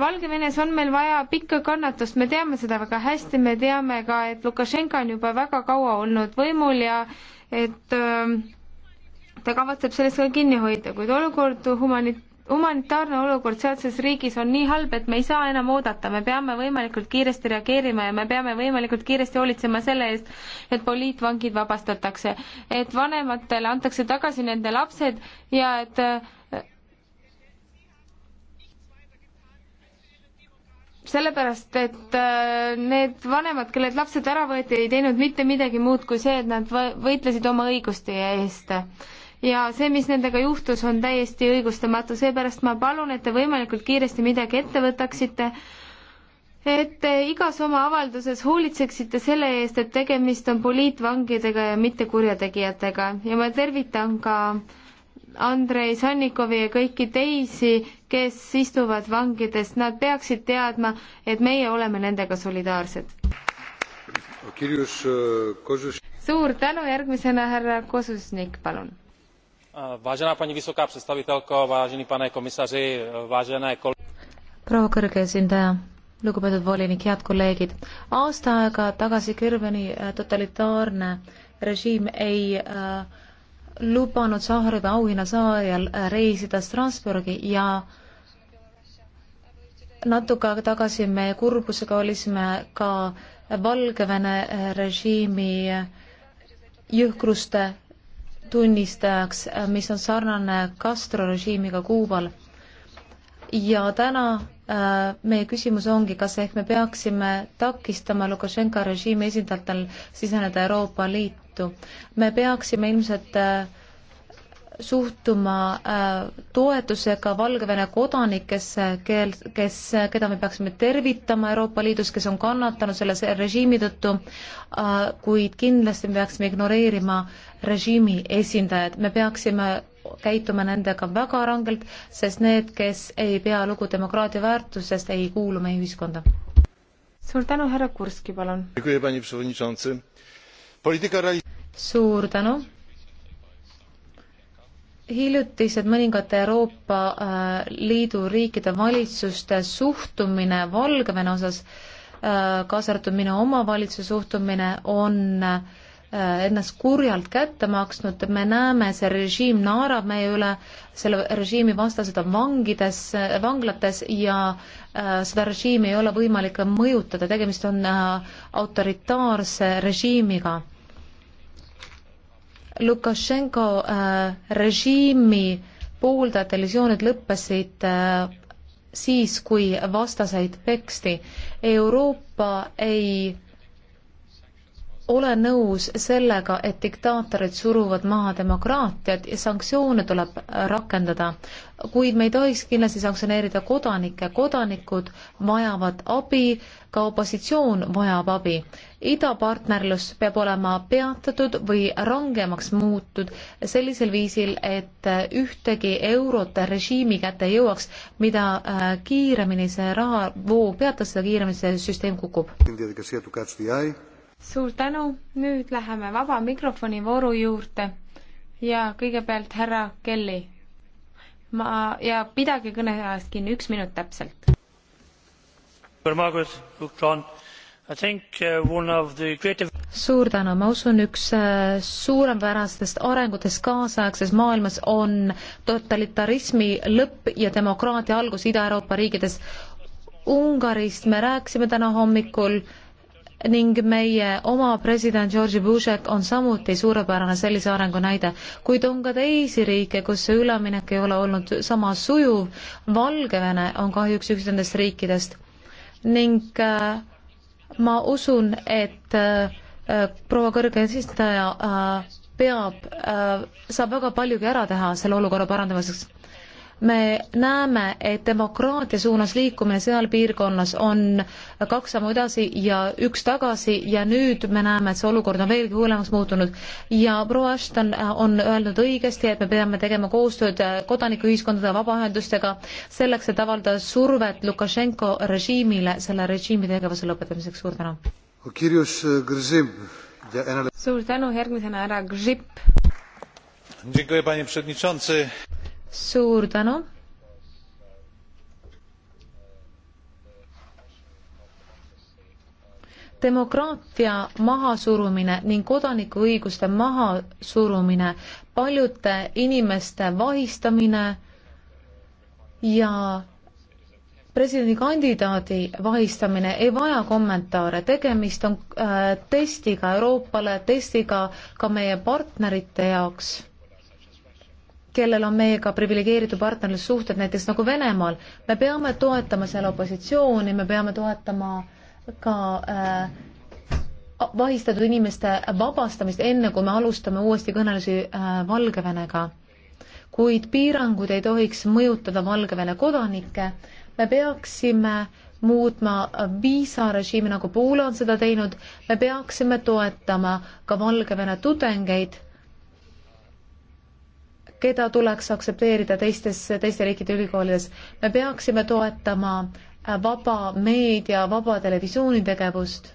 Valgevenes on meil vaja pikka kannatust, me teame seda väga hästi, me teame ka, et Lukašenka on juba väga kaua olnud võimul ja et äh, ta kavatseb sellest ka kinni hoida, kuid olukord humanit-, humanitaarne olukord sealses riigis on nii halb, et me ei saa enam oodata, me peame võimalikult kiiresti reageerima ja me peame võimalikult kiiresti hoolitsema selle eest, et poliitvangid vabastatakse, et vanematele antakse tagasi nende lapsed ja et sellepärast, et äh, need vanemad, kellelt lapsed ära võeti, ei teinud mitte midagi muud kui see, et nad võitlesid oma õiguste eest ja see, mis nendega juhtus, on täiesti õigustamatu, seepärast ma palun, et te võimalikult kiiresti midagi ette võtaksite, et te igas oma avalduses hoolitseksite selle eest, et tegemist on poliitvangidega ja mitte kurjategijatega ja ma tervitan ka Andrei Sannikovi ja kõiki teisi, kes istuvad vangides, nad peaksid teadma, et meie oleme nendega solidaarsed. Äh, suur tänu, järgmisena härra Kosusnik, palun vážená paní vysoká představitelko vážený pane komisaři vážené proua kõrge esindaja lugupeetud volinik head kolleegid aasta aega tagasi Kirveni äh, totalitaarne režiim ei äh, lubanud Sahhariga auhinnasaajal äh, reisida Strasbourgi ja natuke aega tagasi me kurbusega olisime ka Valgevene äh, režiimi jõhkruste tunnistajaks, mis on sarnane Castro režiimiga Kuubal. ja täna äh, meie küsimus ongi, kas ehk me peaksime takistama Lukašenka režiimi esindajatel siseneda Euroopa Liitu. me peaksime ilmselt äh, suhtuma äh, toetusega Valgevene kodanikesse, kel, kes, keda me peaksime tervitama Euroopa Liidus, kes on kannatanud selle režiimi tõttu, äh, kuid kindlasti me peaksime ignoreerima režiimi esindajaid, me peaksime käituma nendega väga rangelt, sest need, kes ei pea lugu demokraatia väärtusest, ei kuulu meie ühiskonda. suur tänu, härra Kurski, palun. suur tänu hiljutised mõningate Euroopa äh, Liidu riikide valitsuste suhtumine Valgevene osas, äh, kaasa arvatud minu oma valitsuse suhtumine, on äh, ennast kurjalt kätte maksnud, me näeme, see režiim naerab meie üle, selle režiimi vastased on vangides, vanglates ja seda režiimi ei ole võimalik mõjutada, tegemist on autoritaarse režiimiga Lukašenko äh, režiimi pooldajate lesioonid lõppesid äh, siis, kui vastaseid peksti. Euroopa ei ole nõus sellega, et diktaatorid suruvad maha demokraatiat ja sanktsioone tuleb rakendada. kuid me ei tohiks kindlasti sanktsioneerida kodanikke, kodanikud vajavad abi, ka opositsioon vajab abi. idapartnerlus peab olema peatatud või rangemaks muutud sellisel viisil, et ühtegi eurot režiimi kätte ei jõuaks, mida äh, kiiremini see rahavoog peatas, seda kiiremini see süsteem kukub suur tänu, nüüd läheme vaba mikrofoni vooru juurde ja kõigepealt härra Kelly. ma ja pidage kõne ajast kinni, üks minut täpselt. suur tänu, ma usun, üks äh, suurepärastest arengutest kaasaegses maailmas on totalitarismi lõpp ja demokraatia algus Ida-Euroopa riikides. Ungarist me rääkisime täna hommikul äh, ning meie oma president George Bushek on samuti suurepärane sellise arengu näide, kuid on ka teisi riike, kus see üleminek ei ole olnud sama sujuv. Valgevene on kahjuks üks nendest riikidest ning äh, ma usun, et äh, proua kõrge esindaja äh, peab, äh, saab väga paljugi ära teha selle olukorra parandamiseks me näeme, et demokraatia suunas liikumine seal piirkonnas on kaks sammu edasi ja üks tagasi ja nüüd me näeme, et see olukord on veelgi hullemaks muutunud. ja proua Ashton on öelnud õigesti, et me peame tegema koostööd kodanikuühiskondade, vabaühendustega selleks, et avaldada survet Lukašenko režiimile selle režiimi tegevuse lõpetamiseks. suur tänu! Eh, suur tänu, järgmisena härra Grzyb! suur tänu. demokraatia mahasurumine ning kodanikuõiguste mahasurumine, paljude inimeste vahistamine ja presidendikandidaadi vahistamine ei vaja kommentaare, tegemist on äh, testiga Euroopale, testiga ka meie partnerite jaoks kellel on meiega priviligeeritud partnerlussuhted, näiteks nagu Venemaal, me peame toetama seal opositsiooni, me peame toetama ka äh, vahistatud inimeste vabastamist, enne kui me alustame uuesti kõnelusi äh, Valgevenega. kuid piirangud ei tohiks mõjutada Valgevene kodanikke, me peaksime muutma äh, viisarežiimi, nagu Poola on seda teinud, me peaksime toetama ka Valgevene tudengeid keda tuleks aktsepteerida teistes, teiste riikide ülikoolides. me peaksime toetama äh, vaba meedia, vaba televisiooni tegevust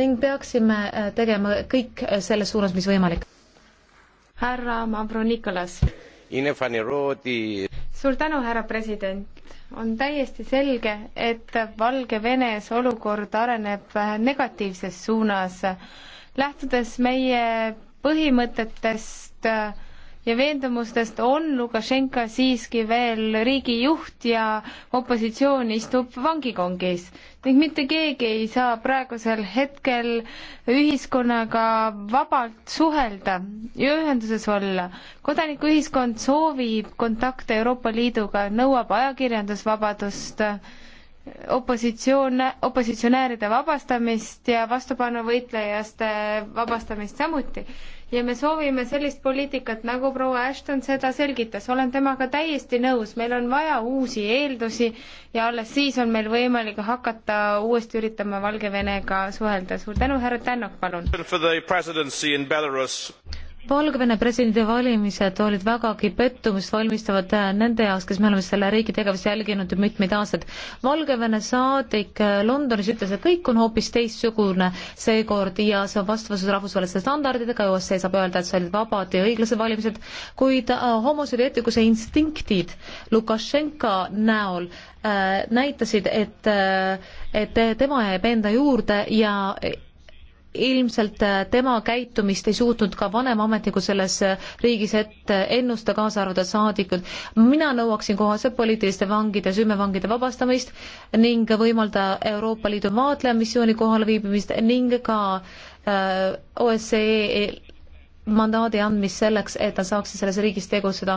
ning peaksime äh, tegema kõik äh, selles suunas, mis võimalik. härra Mavronikolas. suur tänu, härra president. on täiesti selge, et Valgevenes olukord areneb negatiivses suunas. lähtudes meie põhimõtetest äh, ja veendumustest on Lukašenka siiski veel riigijuht ja opositsioon istub vangikongis ning mitte keegi ei saa praegusel hetkel ühiskonnaga vabalt suhelda ja ühenduses olla. kodanikuühiskond soovib kontakte Euroopa Liiduga, nõuab ajakirjandusvabadust opositsioon, opositsionääride vabastamist ja vastupanuvõitlejaste vabastamist samuti. ja me soovime sellist poliitikat, nagu proua Ashton seda selgitas, olen temaga täiesti nõus, meil on vaja uusi eeldusi ja alles siis on meil võimalik hakata uuesti üritama Valgevenega suhelda. suur tänu, härra Tännok, palun! Valgevene presidendivalimised olid vägagi pettumust valmistavad äh, nende jaoks, kes me oleme selle riigi tegevust jälginud ju mitmeid aastaid. Valgevene saadik äh, Londonis ütles, et kõik on hoopis teistsugune seekord ja see on vastavuses rahvusvaheliste standarditega, USA saab öelda, et see olid vabad ja õiglased valimised, kuid äh, homosüdeetikuse instinktid Lukašenka näol äh, näitasid, et, et tema jääb enda juurde ja ilmselt äh, tema käitumist ei suutnud ka vanemametnikud selles äh, riigis ette äh, ennustada, kaasa arvatud saadikud. mina nõuaksin kohaselt poliitiliste vangide, süümevangide vabastamist ning võimalda Euroopa Liidu vaatlemissiooni kohaleviibimist ning ka äh, OSCE mandaadi andmist selleks, et nad saaksid selles riigis tegutseda.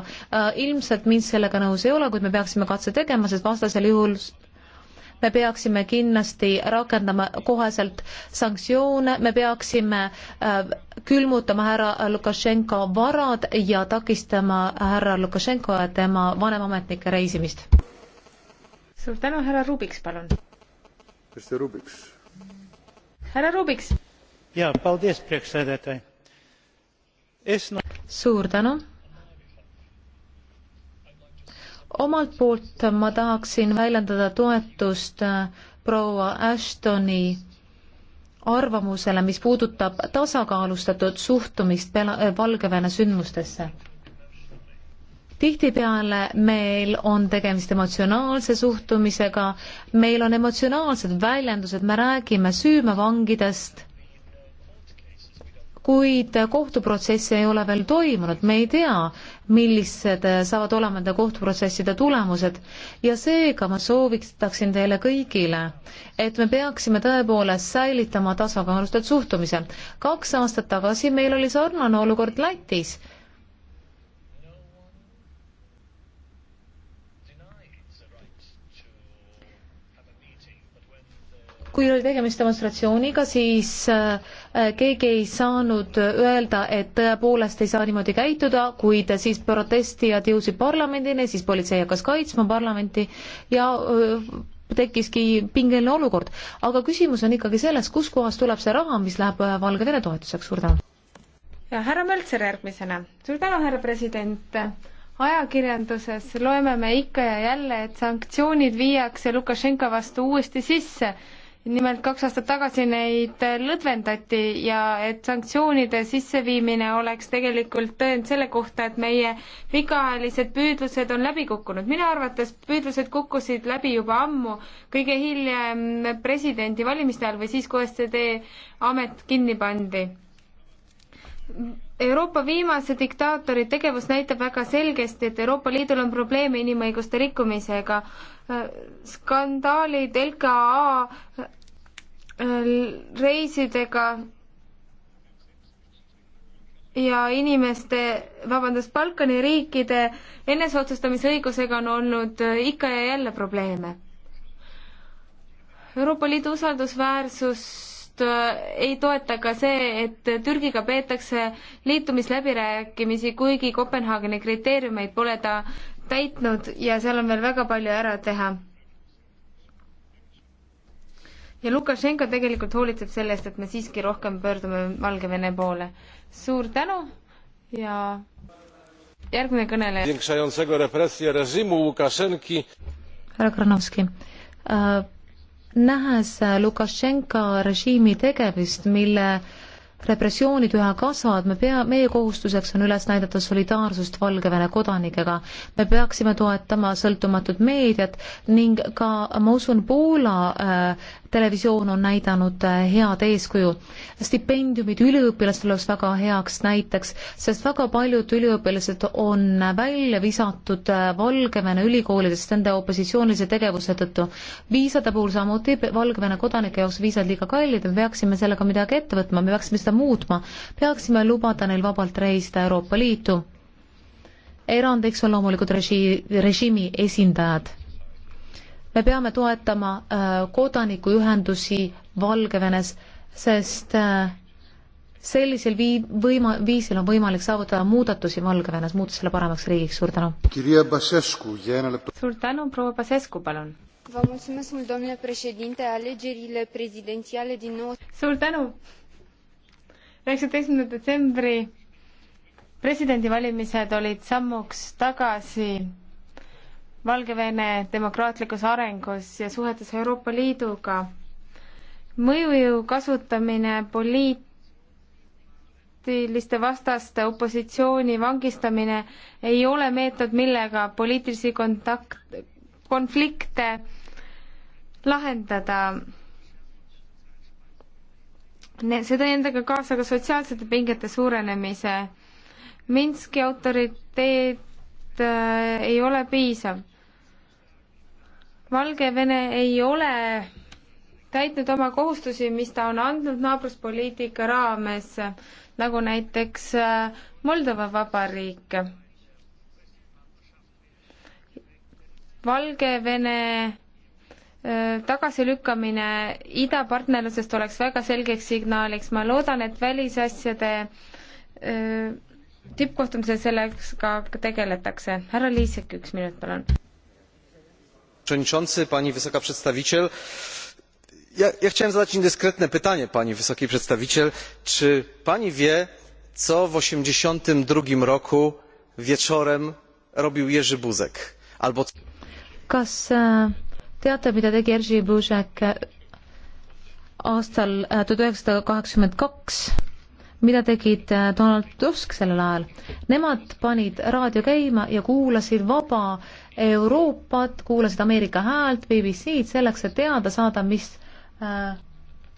ilmselt mind sellega nõus ei ole, kuid me peaksime katse tegema, sest vastasel juhul me peaksime kindlasti rakendama koheselt sanktsioone, me peaksime äh, külmutama härra Lukašenko varad ja takistama härra Lukašenko ja tema vanemametnike reisimist. suur tänu, härra Rubiks, palun. mis te Rubiks? härra Rubiks. jaa, paldies, preksõdetaja. suur tänu omalt poolt ma tahaksin väljendada toetust äh, proua Ashtoni arvamusele, mis puudutab tasakaalustatud suhtumist äh, Valgevene sündmustesse. tihtipeale meil on tegemist emotsionaalse suhtumisega, meil on emotsionaalsed väljendused, me räägime süümevangidest kuid kohtuprotsesse ei ole veel toimunud, me ei tea, millised saavad olema nende kohtuprotsesside tulemused ja seega ma soovitaksin teile kõigile, et me peaksime tõepoolest säilitama tasakaalustatud suhtumise. kaks aastat tagasi meil oli sarnane olukord Lätis kui oli tegemist demonstratsiooniga, siis äh, keegi ei saanud öelda, et tõepoolest ei saa niimoodi käituda, kuid siis protestijad jõudsid parlamendini, siis politsei hakkas kaitsma parlamenti ja äh, tekkiski pingeline olukord. aga küsimus on ikkagi selles, kuskohast tuleb see raha, mis läheb äh, Valgevene toetuseks, suur tänu. ja härra Möltser järgmisena. suur tänu, härra president. ajakirjanduses loeme me ikka ja jälle, et sanktsioonid viiakse Lukašenka vastu uuesti sisse nimelt kaks aastat tagasi neid lõdvendati ja et sanktsioonide sisseviimine oleks tegelikult tõend selle kohta, et meie pikaajalised püüdlused on läbi kukkunud. minu arvates püüdlused kukkusid läbi juba ammu, kõige hiljem presidendivalimiste ajal või siis, kui OSCD amet kinni pandi Euroopa viimase diktaatori tegevus näitab väga selgesti, et Euroopa Liidul on probleeme inimõiguste rikkumisega. skandaalid LKA äh, reisidega ja inimeste, vabandust, Balkani riikide eneseotsustamisõigusega on olnud äh, ikka ja jälle probleeme. Euroopa Liidu usaldusväärsus tegevust äh, ei toeta ka see, et Türgiga peetakse liitumisläbirääkimisi, kuigi Kopenhaageni kriteeriumeid pole ta täitnud ja seal on veel väga palju ära teha. ja Lukašenko tegelikult hoolitseb selle eest, et me siiski rohkem pöördume Valgevene poole. suur tänu ja järgmine kõneleja. härra Kranovski äh nähes Lukašenka režiimi tegevust, mille repressioonid üha kasvavad, me pea, meie kohustuseks on üles näidata solidaarsust Valgevene kodanikega. me peaksime toetama sõltumatut meediat ning ka, ma usun, Poola äh, televisioon on näidanud äh, head eeskuju. stipendiumid üliõpilastele oleks väga heaks näiteks, sest väga paljud üliõpilased on välja visatud äh, Valgevene ülikoolidest nende opositsioonilise tegevuse tõttu. viisade puhul samuti Valgevene kodanike jaoks viisad liiga kallid, me peaksime sellega midagi ette võtma, me peaksime seda muutma, peaksime lubada neil vabalt reisida Euroopa Liitu. erandiks on loomulikult režii, režiimi esindajad me peame toetama äh, kodanikuühendusi Valgevenes, sest äh, sellisel vii-, võima-, viisil on võimalik saavutada muudatusi Valgevenes, muuta selle paremaks riigiks, suur tänu. suur tänu, proua Basescu, palun. suur tänu. üheksateistkümnenda detsembri presidendivalimised olid sammuks tagasi Valgevene demokraatlikus arengus ja suhetes Euroopa Liiduga. mõjujõu kasutamine poliitiliste vastaste opositsiooni vangistamine ei ole meetod, millega poliitilisi kontakt, konflikte lahendada. see tõi endaga kaasa ka sotsiaalsete pingete suurenemise. Minski autoriteet äh, ei ole piisav Valgevene ei ole täitnud oma kohustusi, mis ta on andnud naabruspoliitika raames, nagu näiteks äh, Moldova Vabariik. Valgevene äh, tagasilükkamine idapartnerlusest oleks väga selgeks signaaliks, ma loodan, et välisasjade äh, tippkohtumisel selleks ka tegeletakse. härra Liisek, üks minut, palun panie przewodniczący! pani wysoka przedstawiciel! chciałem zadać niedyskretne pytanie pani wysokiej przedstawiciel czy pani wie co w osiemdziesiąt dwa roku wieczorem robił jerzy buzek albo. kas e, teate mida tegi jerzy buzek e, aastal e, tuhat üheksasada kaheksakümmend kaks mida tegid äh, Donald Tusk sellel ajal. Nemad panid raadio käima ja kuulasid vaba Euroopat, kuulasid Ameerika Häält, BBC-d selleks, et teada saada, mis äh,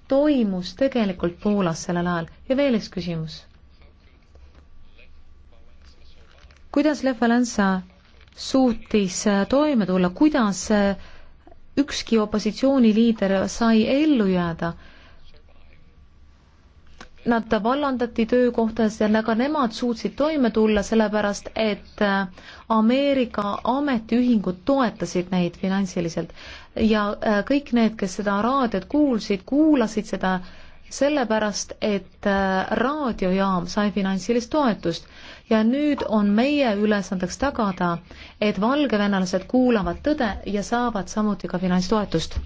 toimus tegelikult Poolas sellel ajal. ja veel üks küsimus. kuidas Lev Valensa suutis äh, toime tulla, kuidas äh, ükski opositsiooniliider sai ellu jääda? nad vallandati töökohtades ja ka nemad suutsid toime tulla, sellepärast et äh, Ameerika ametiühingud toetasid neid finantsiliselt. ja äh, kõik need, kes seda raadiot kuulsid, kuulasid seda sellepärast, et äh, raadiojaam sai finantsilist toetust ja nüüd on meie ülesandeks tagada, et valgevenelased kuulavad tõde ja saavad samuti ka finantstoetust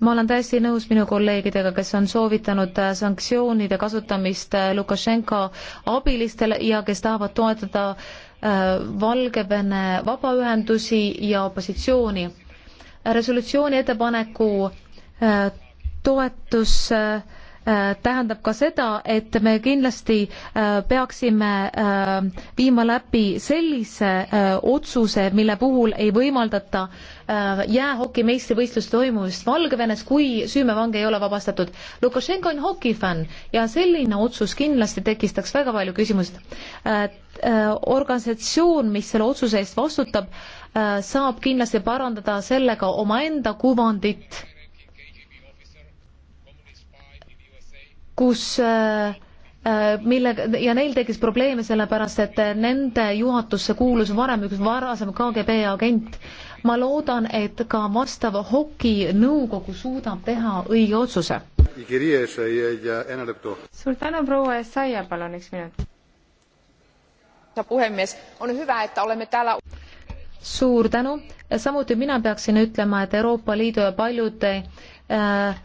ma olen täiesti nõus minu kolleegidega, kes on soovitanud äh, sanktsioonide kasutamist äh, Lukašenko abilistele ja kes tahavad toetada äh, Valgevene vabaühendusi ja opositsiooni. resolutsiooni ettepaneku toetus äh, Äh, tähendab ka seda, et me kindlasti äh, peaksime äh, viima läbi sellise otsuse, mille puhul ei võimaldata jäähoki meistrivõistluste toimumist Valgevenes, kui süümevange ei ole vabastatud. Lukašenko on hokifänn ja selline otsus kindlasti tekitaks väga palju küsimust. organisatsioon, mis selle otsuse eest vastutab, saab kindlasti parandada sellega omaenda kuvandit kus äh, äh, mille ja neil tekkis probleeme sellepärast, et nende juhatusse kuulus varem üks varasem KGB agent. ma loodan, et ka vastav hokinõukogu suudab teha õige otsuse. suur tänu, proua Essaia, palun üks minut. puhemees, on hüve, et oleme täällä suur tänu, samuti mina peaksin ütlema, et Euroopa Liidu ja paljude äh,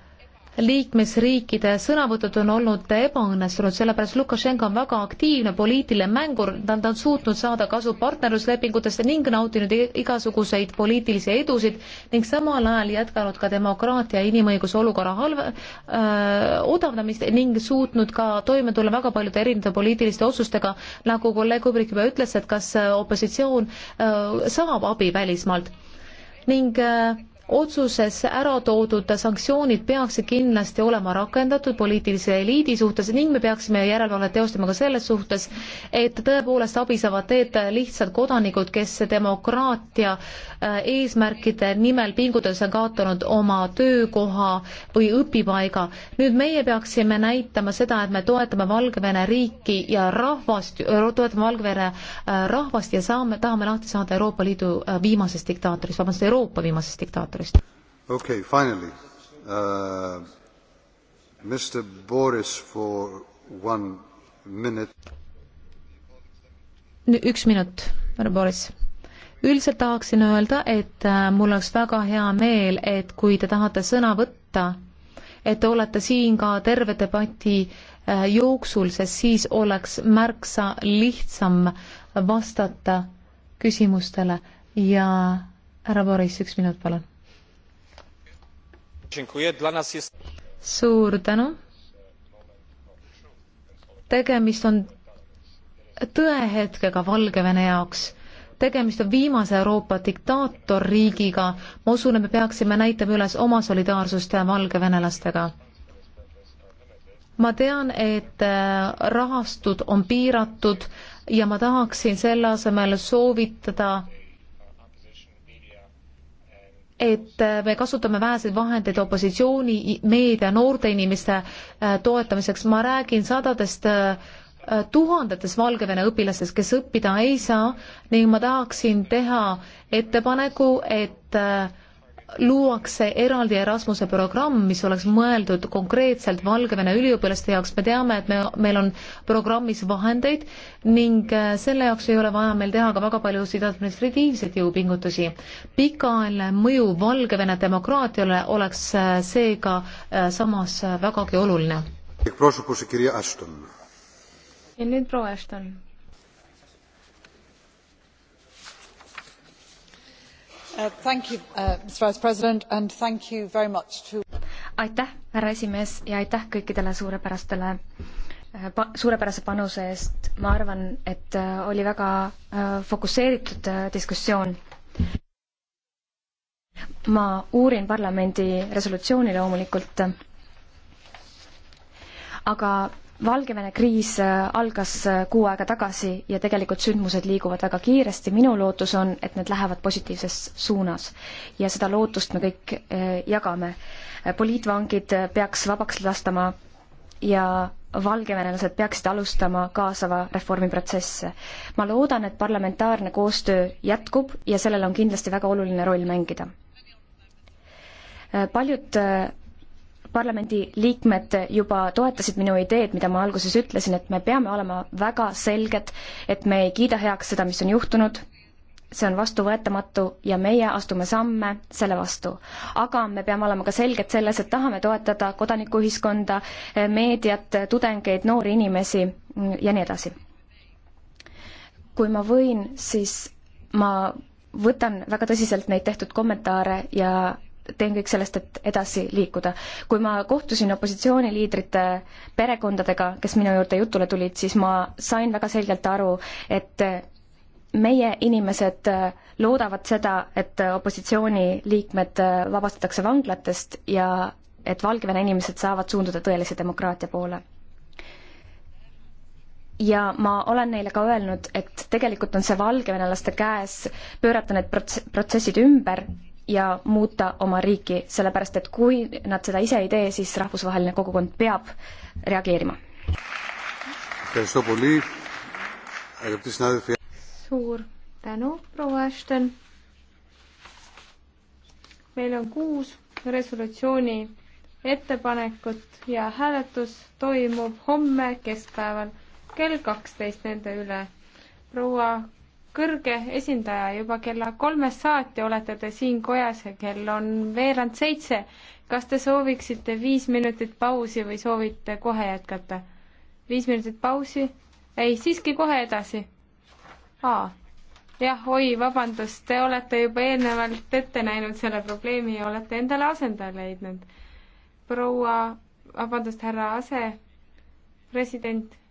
liikmesriikide sõnavõtud on olnud ebaõnnestunud, sellepärast Lukašenko on väga aktiivne poliitiline mängur, ta on suutnud saada kasu partnerluslepingutest ning nautinud igasuguseid poliitilisi edusid ning samal ajal jätkanud ka demokraatia ja inimõiguse olukorra halve äh,, odavdamist ning suutnud ka toime tulla väga paljude erinevate poliitiliste otsustega, nagu kolleeg Kubrik juba ütles, et kas äh, opositsioon äh, saab abi välismaalt ning äh, otsuses ära toodud sanktsioonid peaksid kindlasti olema rakendatud poliitilise eliidi suhtes ning me peaksime järelevalvet teostama ka selles suhtes, et tõepoolest abi saavad teed lihtsalt kodanikud, kes demokraatia äh, eesmärkide nimel pingutades on kaotanud oma töökoha või õpipaiga. nüüd meie peaksime näitama seda, et me toetame Valgevene riiki ja rahvast, toetame Valgevene äh, rahvast ja saame, tahame lahti saada Euroopa Liidu äh, viimasest diktaatorist, vabandust, Euroopa viimasest diktaatorist sektorist. okei okay,, finally uh,. Mr Boris for one minute. üks minut, härra Boris üldiselt tahaksin öelda, et äh, mul oleks väga hea meel, et kui te tahate sõna võtta, et te olete siin ka terve debati äh, jooksul, sest siis oleks märksa lihtsam vastata küsimustele ja härra Boris, üks minut, palun suur tänu. tegemist on tõehetkega Valgevene jaoks. tegemist on viimase Euroopa diktaatorriigiga. ma usun, et me peaksime näitama üles oma solidaarsust valgevenelastega ma tean, et äh, rahastud on piiratud ja ma tahaksin selle asemel soovitada et me kasutame väheseid vahendeid opositsiooni, meedia, noorte inimeste äh, toetamiseks, ma räägin sadadest äh, tuhandetes Valgevene õpilastes, kes õppida ei saa ning ma tahaksin teha ettepaneku, et äh, luuakse eraldi Erasmuse programm, mis oleks mõeldud konkreetselt Valgevene üliõpilaste jaoks, me teame, et me, meil on programmis vahendeid ning äh, selle jaoks ei ole vaja meil teha ka väga paljusid administratiivseid jõupingutusi. pikaajaline mõju Valgevene demokraatiale oleks äh, seega äh, samas vägagi oluline. ja nüüd proua Ashton Uh, uh, aitäh, härra esimees ja aitäh kõikidele suurepärastele uh, pa-, suurepärase panuse eest, ma arvan, et oli väga fokusseeritud diskussioon. ma uurin parlamendi resolutsiooni loomulikult, aga Valgevene kriis äh, algas äh, kuu aega tagasi ja tegelikult sündmused liiguvad väga kiiresti. minu lootus on, et need lähevad positiivses suunas ja seda lootust me kõik äh, jagame. poliitvangid peaks vabaks lastama ja valgevenelased peaksid alustama kaasava reformiprotsesse. ma loodan, et parlamentaarne koostöö jätkub ja sellel on kindlasti väga oluline roll mängida. paljud parlamendi liikmed juba toetasid minu ideed, mida ma alguses ütlesin, et me peame olema väga selged, et me ei kiida heaks seda, mis on juhtunud, see on vastuvõetamatu ja meie astume samme selle vastu. aga me peame olema ka selged selles, et tahame toetada kodanikuühiskonda, meediat, tudengeid, noori inimesi ja nii edasi. kui ma võin, siis ma võtan väga tõsiselt neid tehtud kommentaare ja teen kõik sellest, et edasi liikuda. kui ma kohtusin opositsiooniliidrite perekondadega, kes minu juurde jutule tulid, siis ma sain väga selgelt aru, et meie inimesed loodavad seda, et opositsiooniliikmed vabastatakse vanglatest ja et Valgevene inimesed saavad suunduda tõelise demokraatia poole. ja ma olen neile ka öelnud, et tegelikult on see valgevenelaste käes pöörata need prots-, protsessid ümber ja muuta oma riiki, sellepärast et kui nad seda ise ei tee, siis rahvusvaheline kogukond peab reageerima. suur tänu, proua Ashton. meil on kuus resolutsiooni ettepanekut ja hääletus toimub homme keskpäeval kell kaksteist nende üle. proua kõrge esindaja, juba kella kolmest saati olete te siin kojas ja kell on veerand seitse. kas te sooviksite viis minutit pausi või soovite kohe jätkata? viis minutit pausi? ei, siiski kohe edasi. aa, jah, oi, vabandust, te olete juba eelnevalt ette näinud selle probleemi ja olete endale asendaja leidnud. proua, vabandust, härra asepresident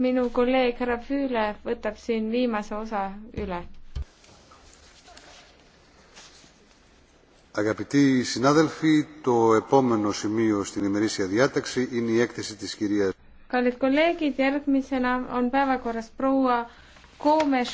minu kolleeg härra Füüle võtab siin viimase osa üle. Αγαπητοί συνάδελφοι, το επόμενο σημείο στην ημερήσια διάταξη είναι η έκθεση της κυρίας. Καλείς κολέγγιτ, järgmisena on päevakorras proua Koomes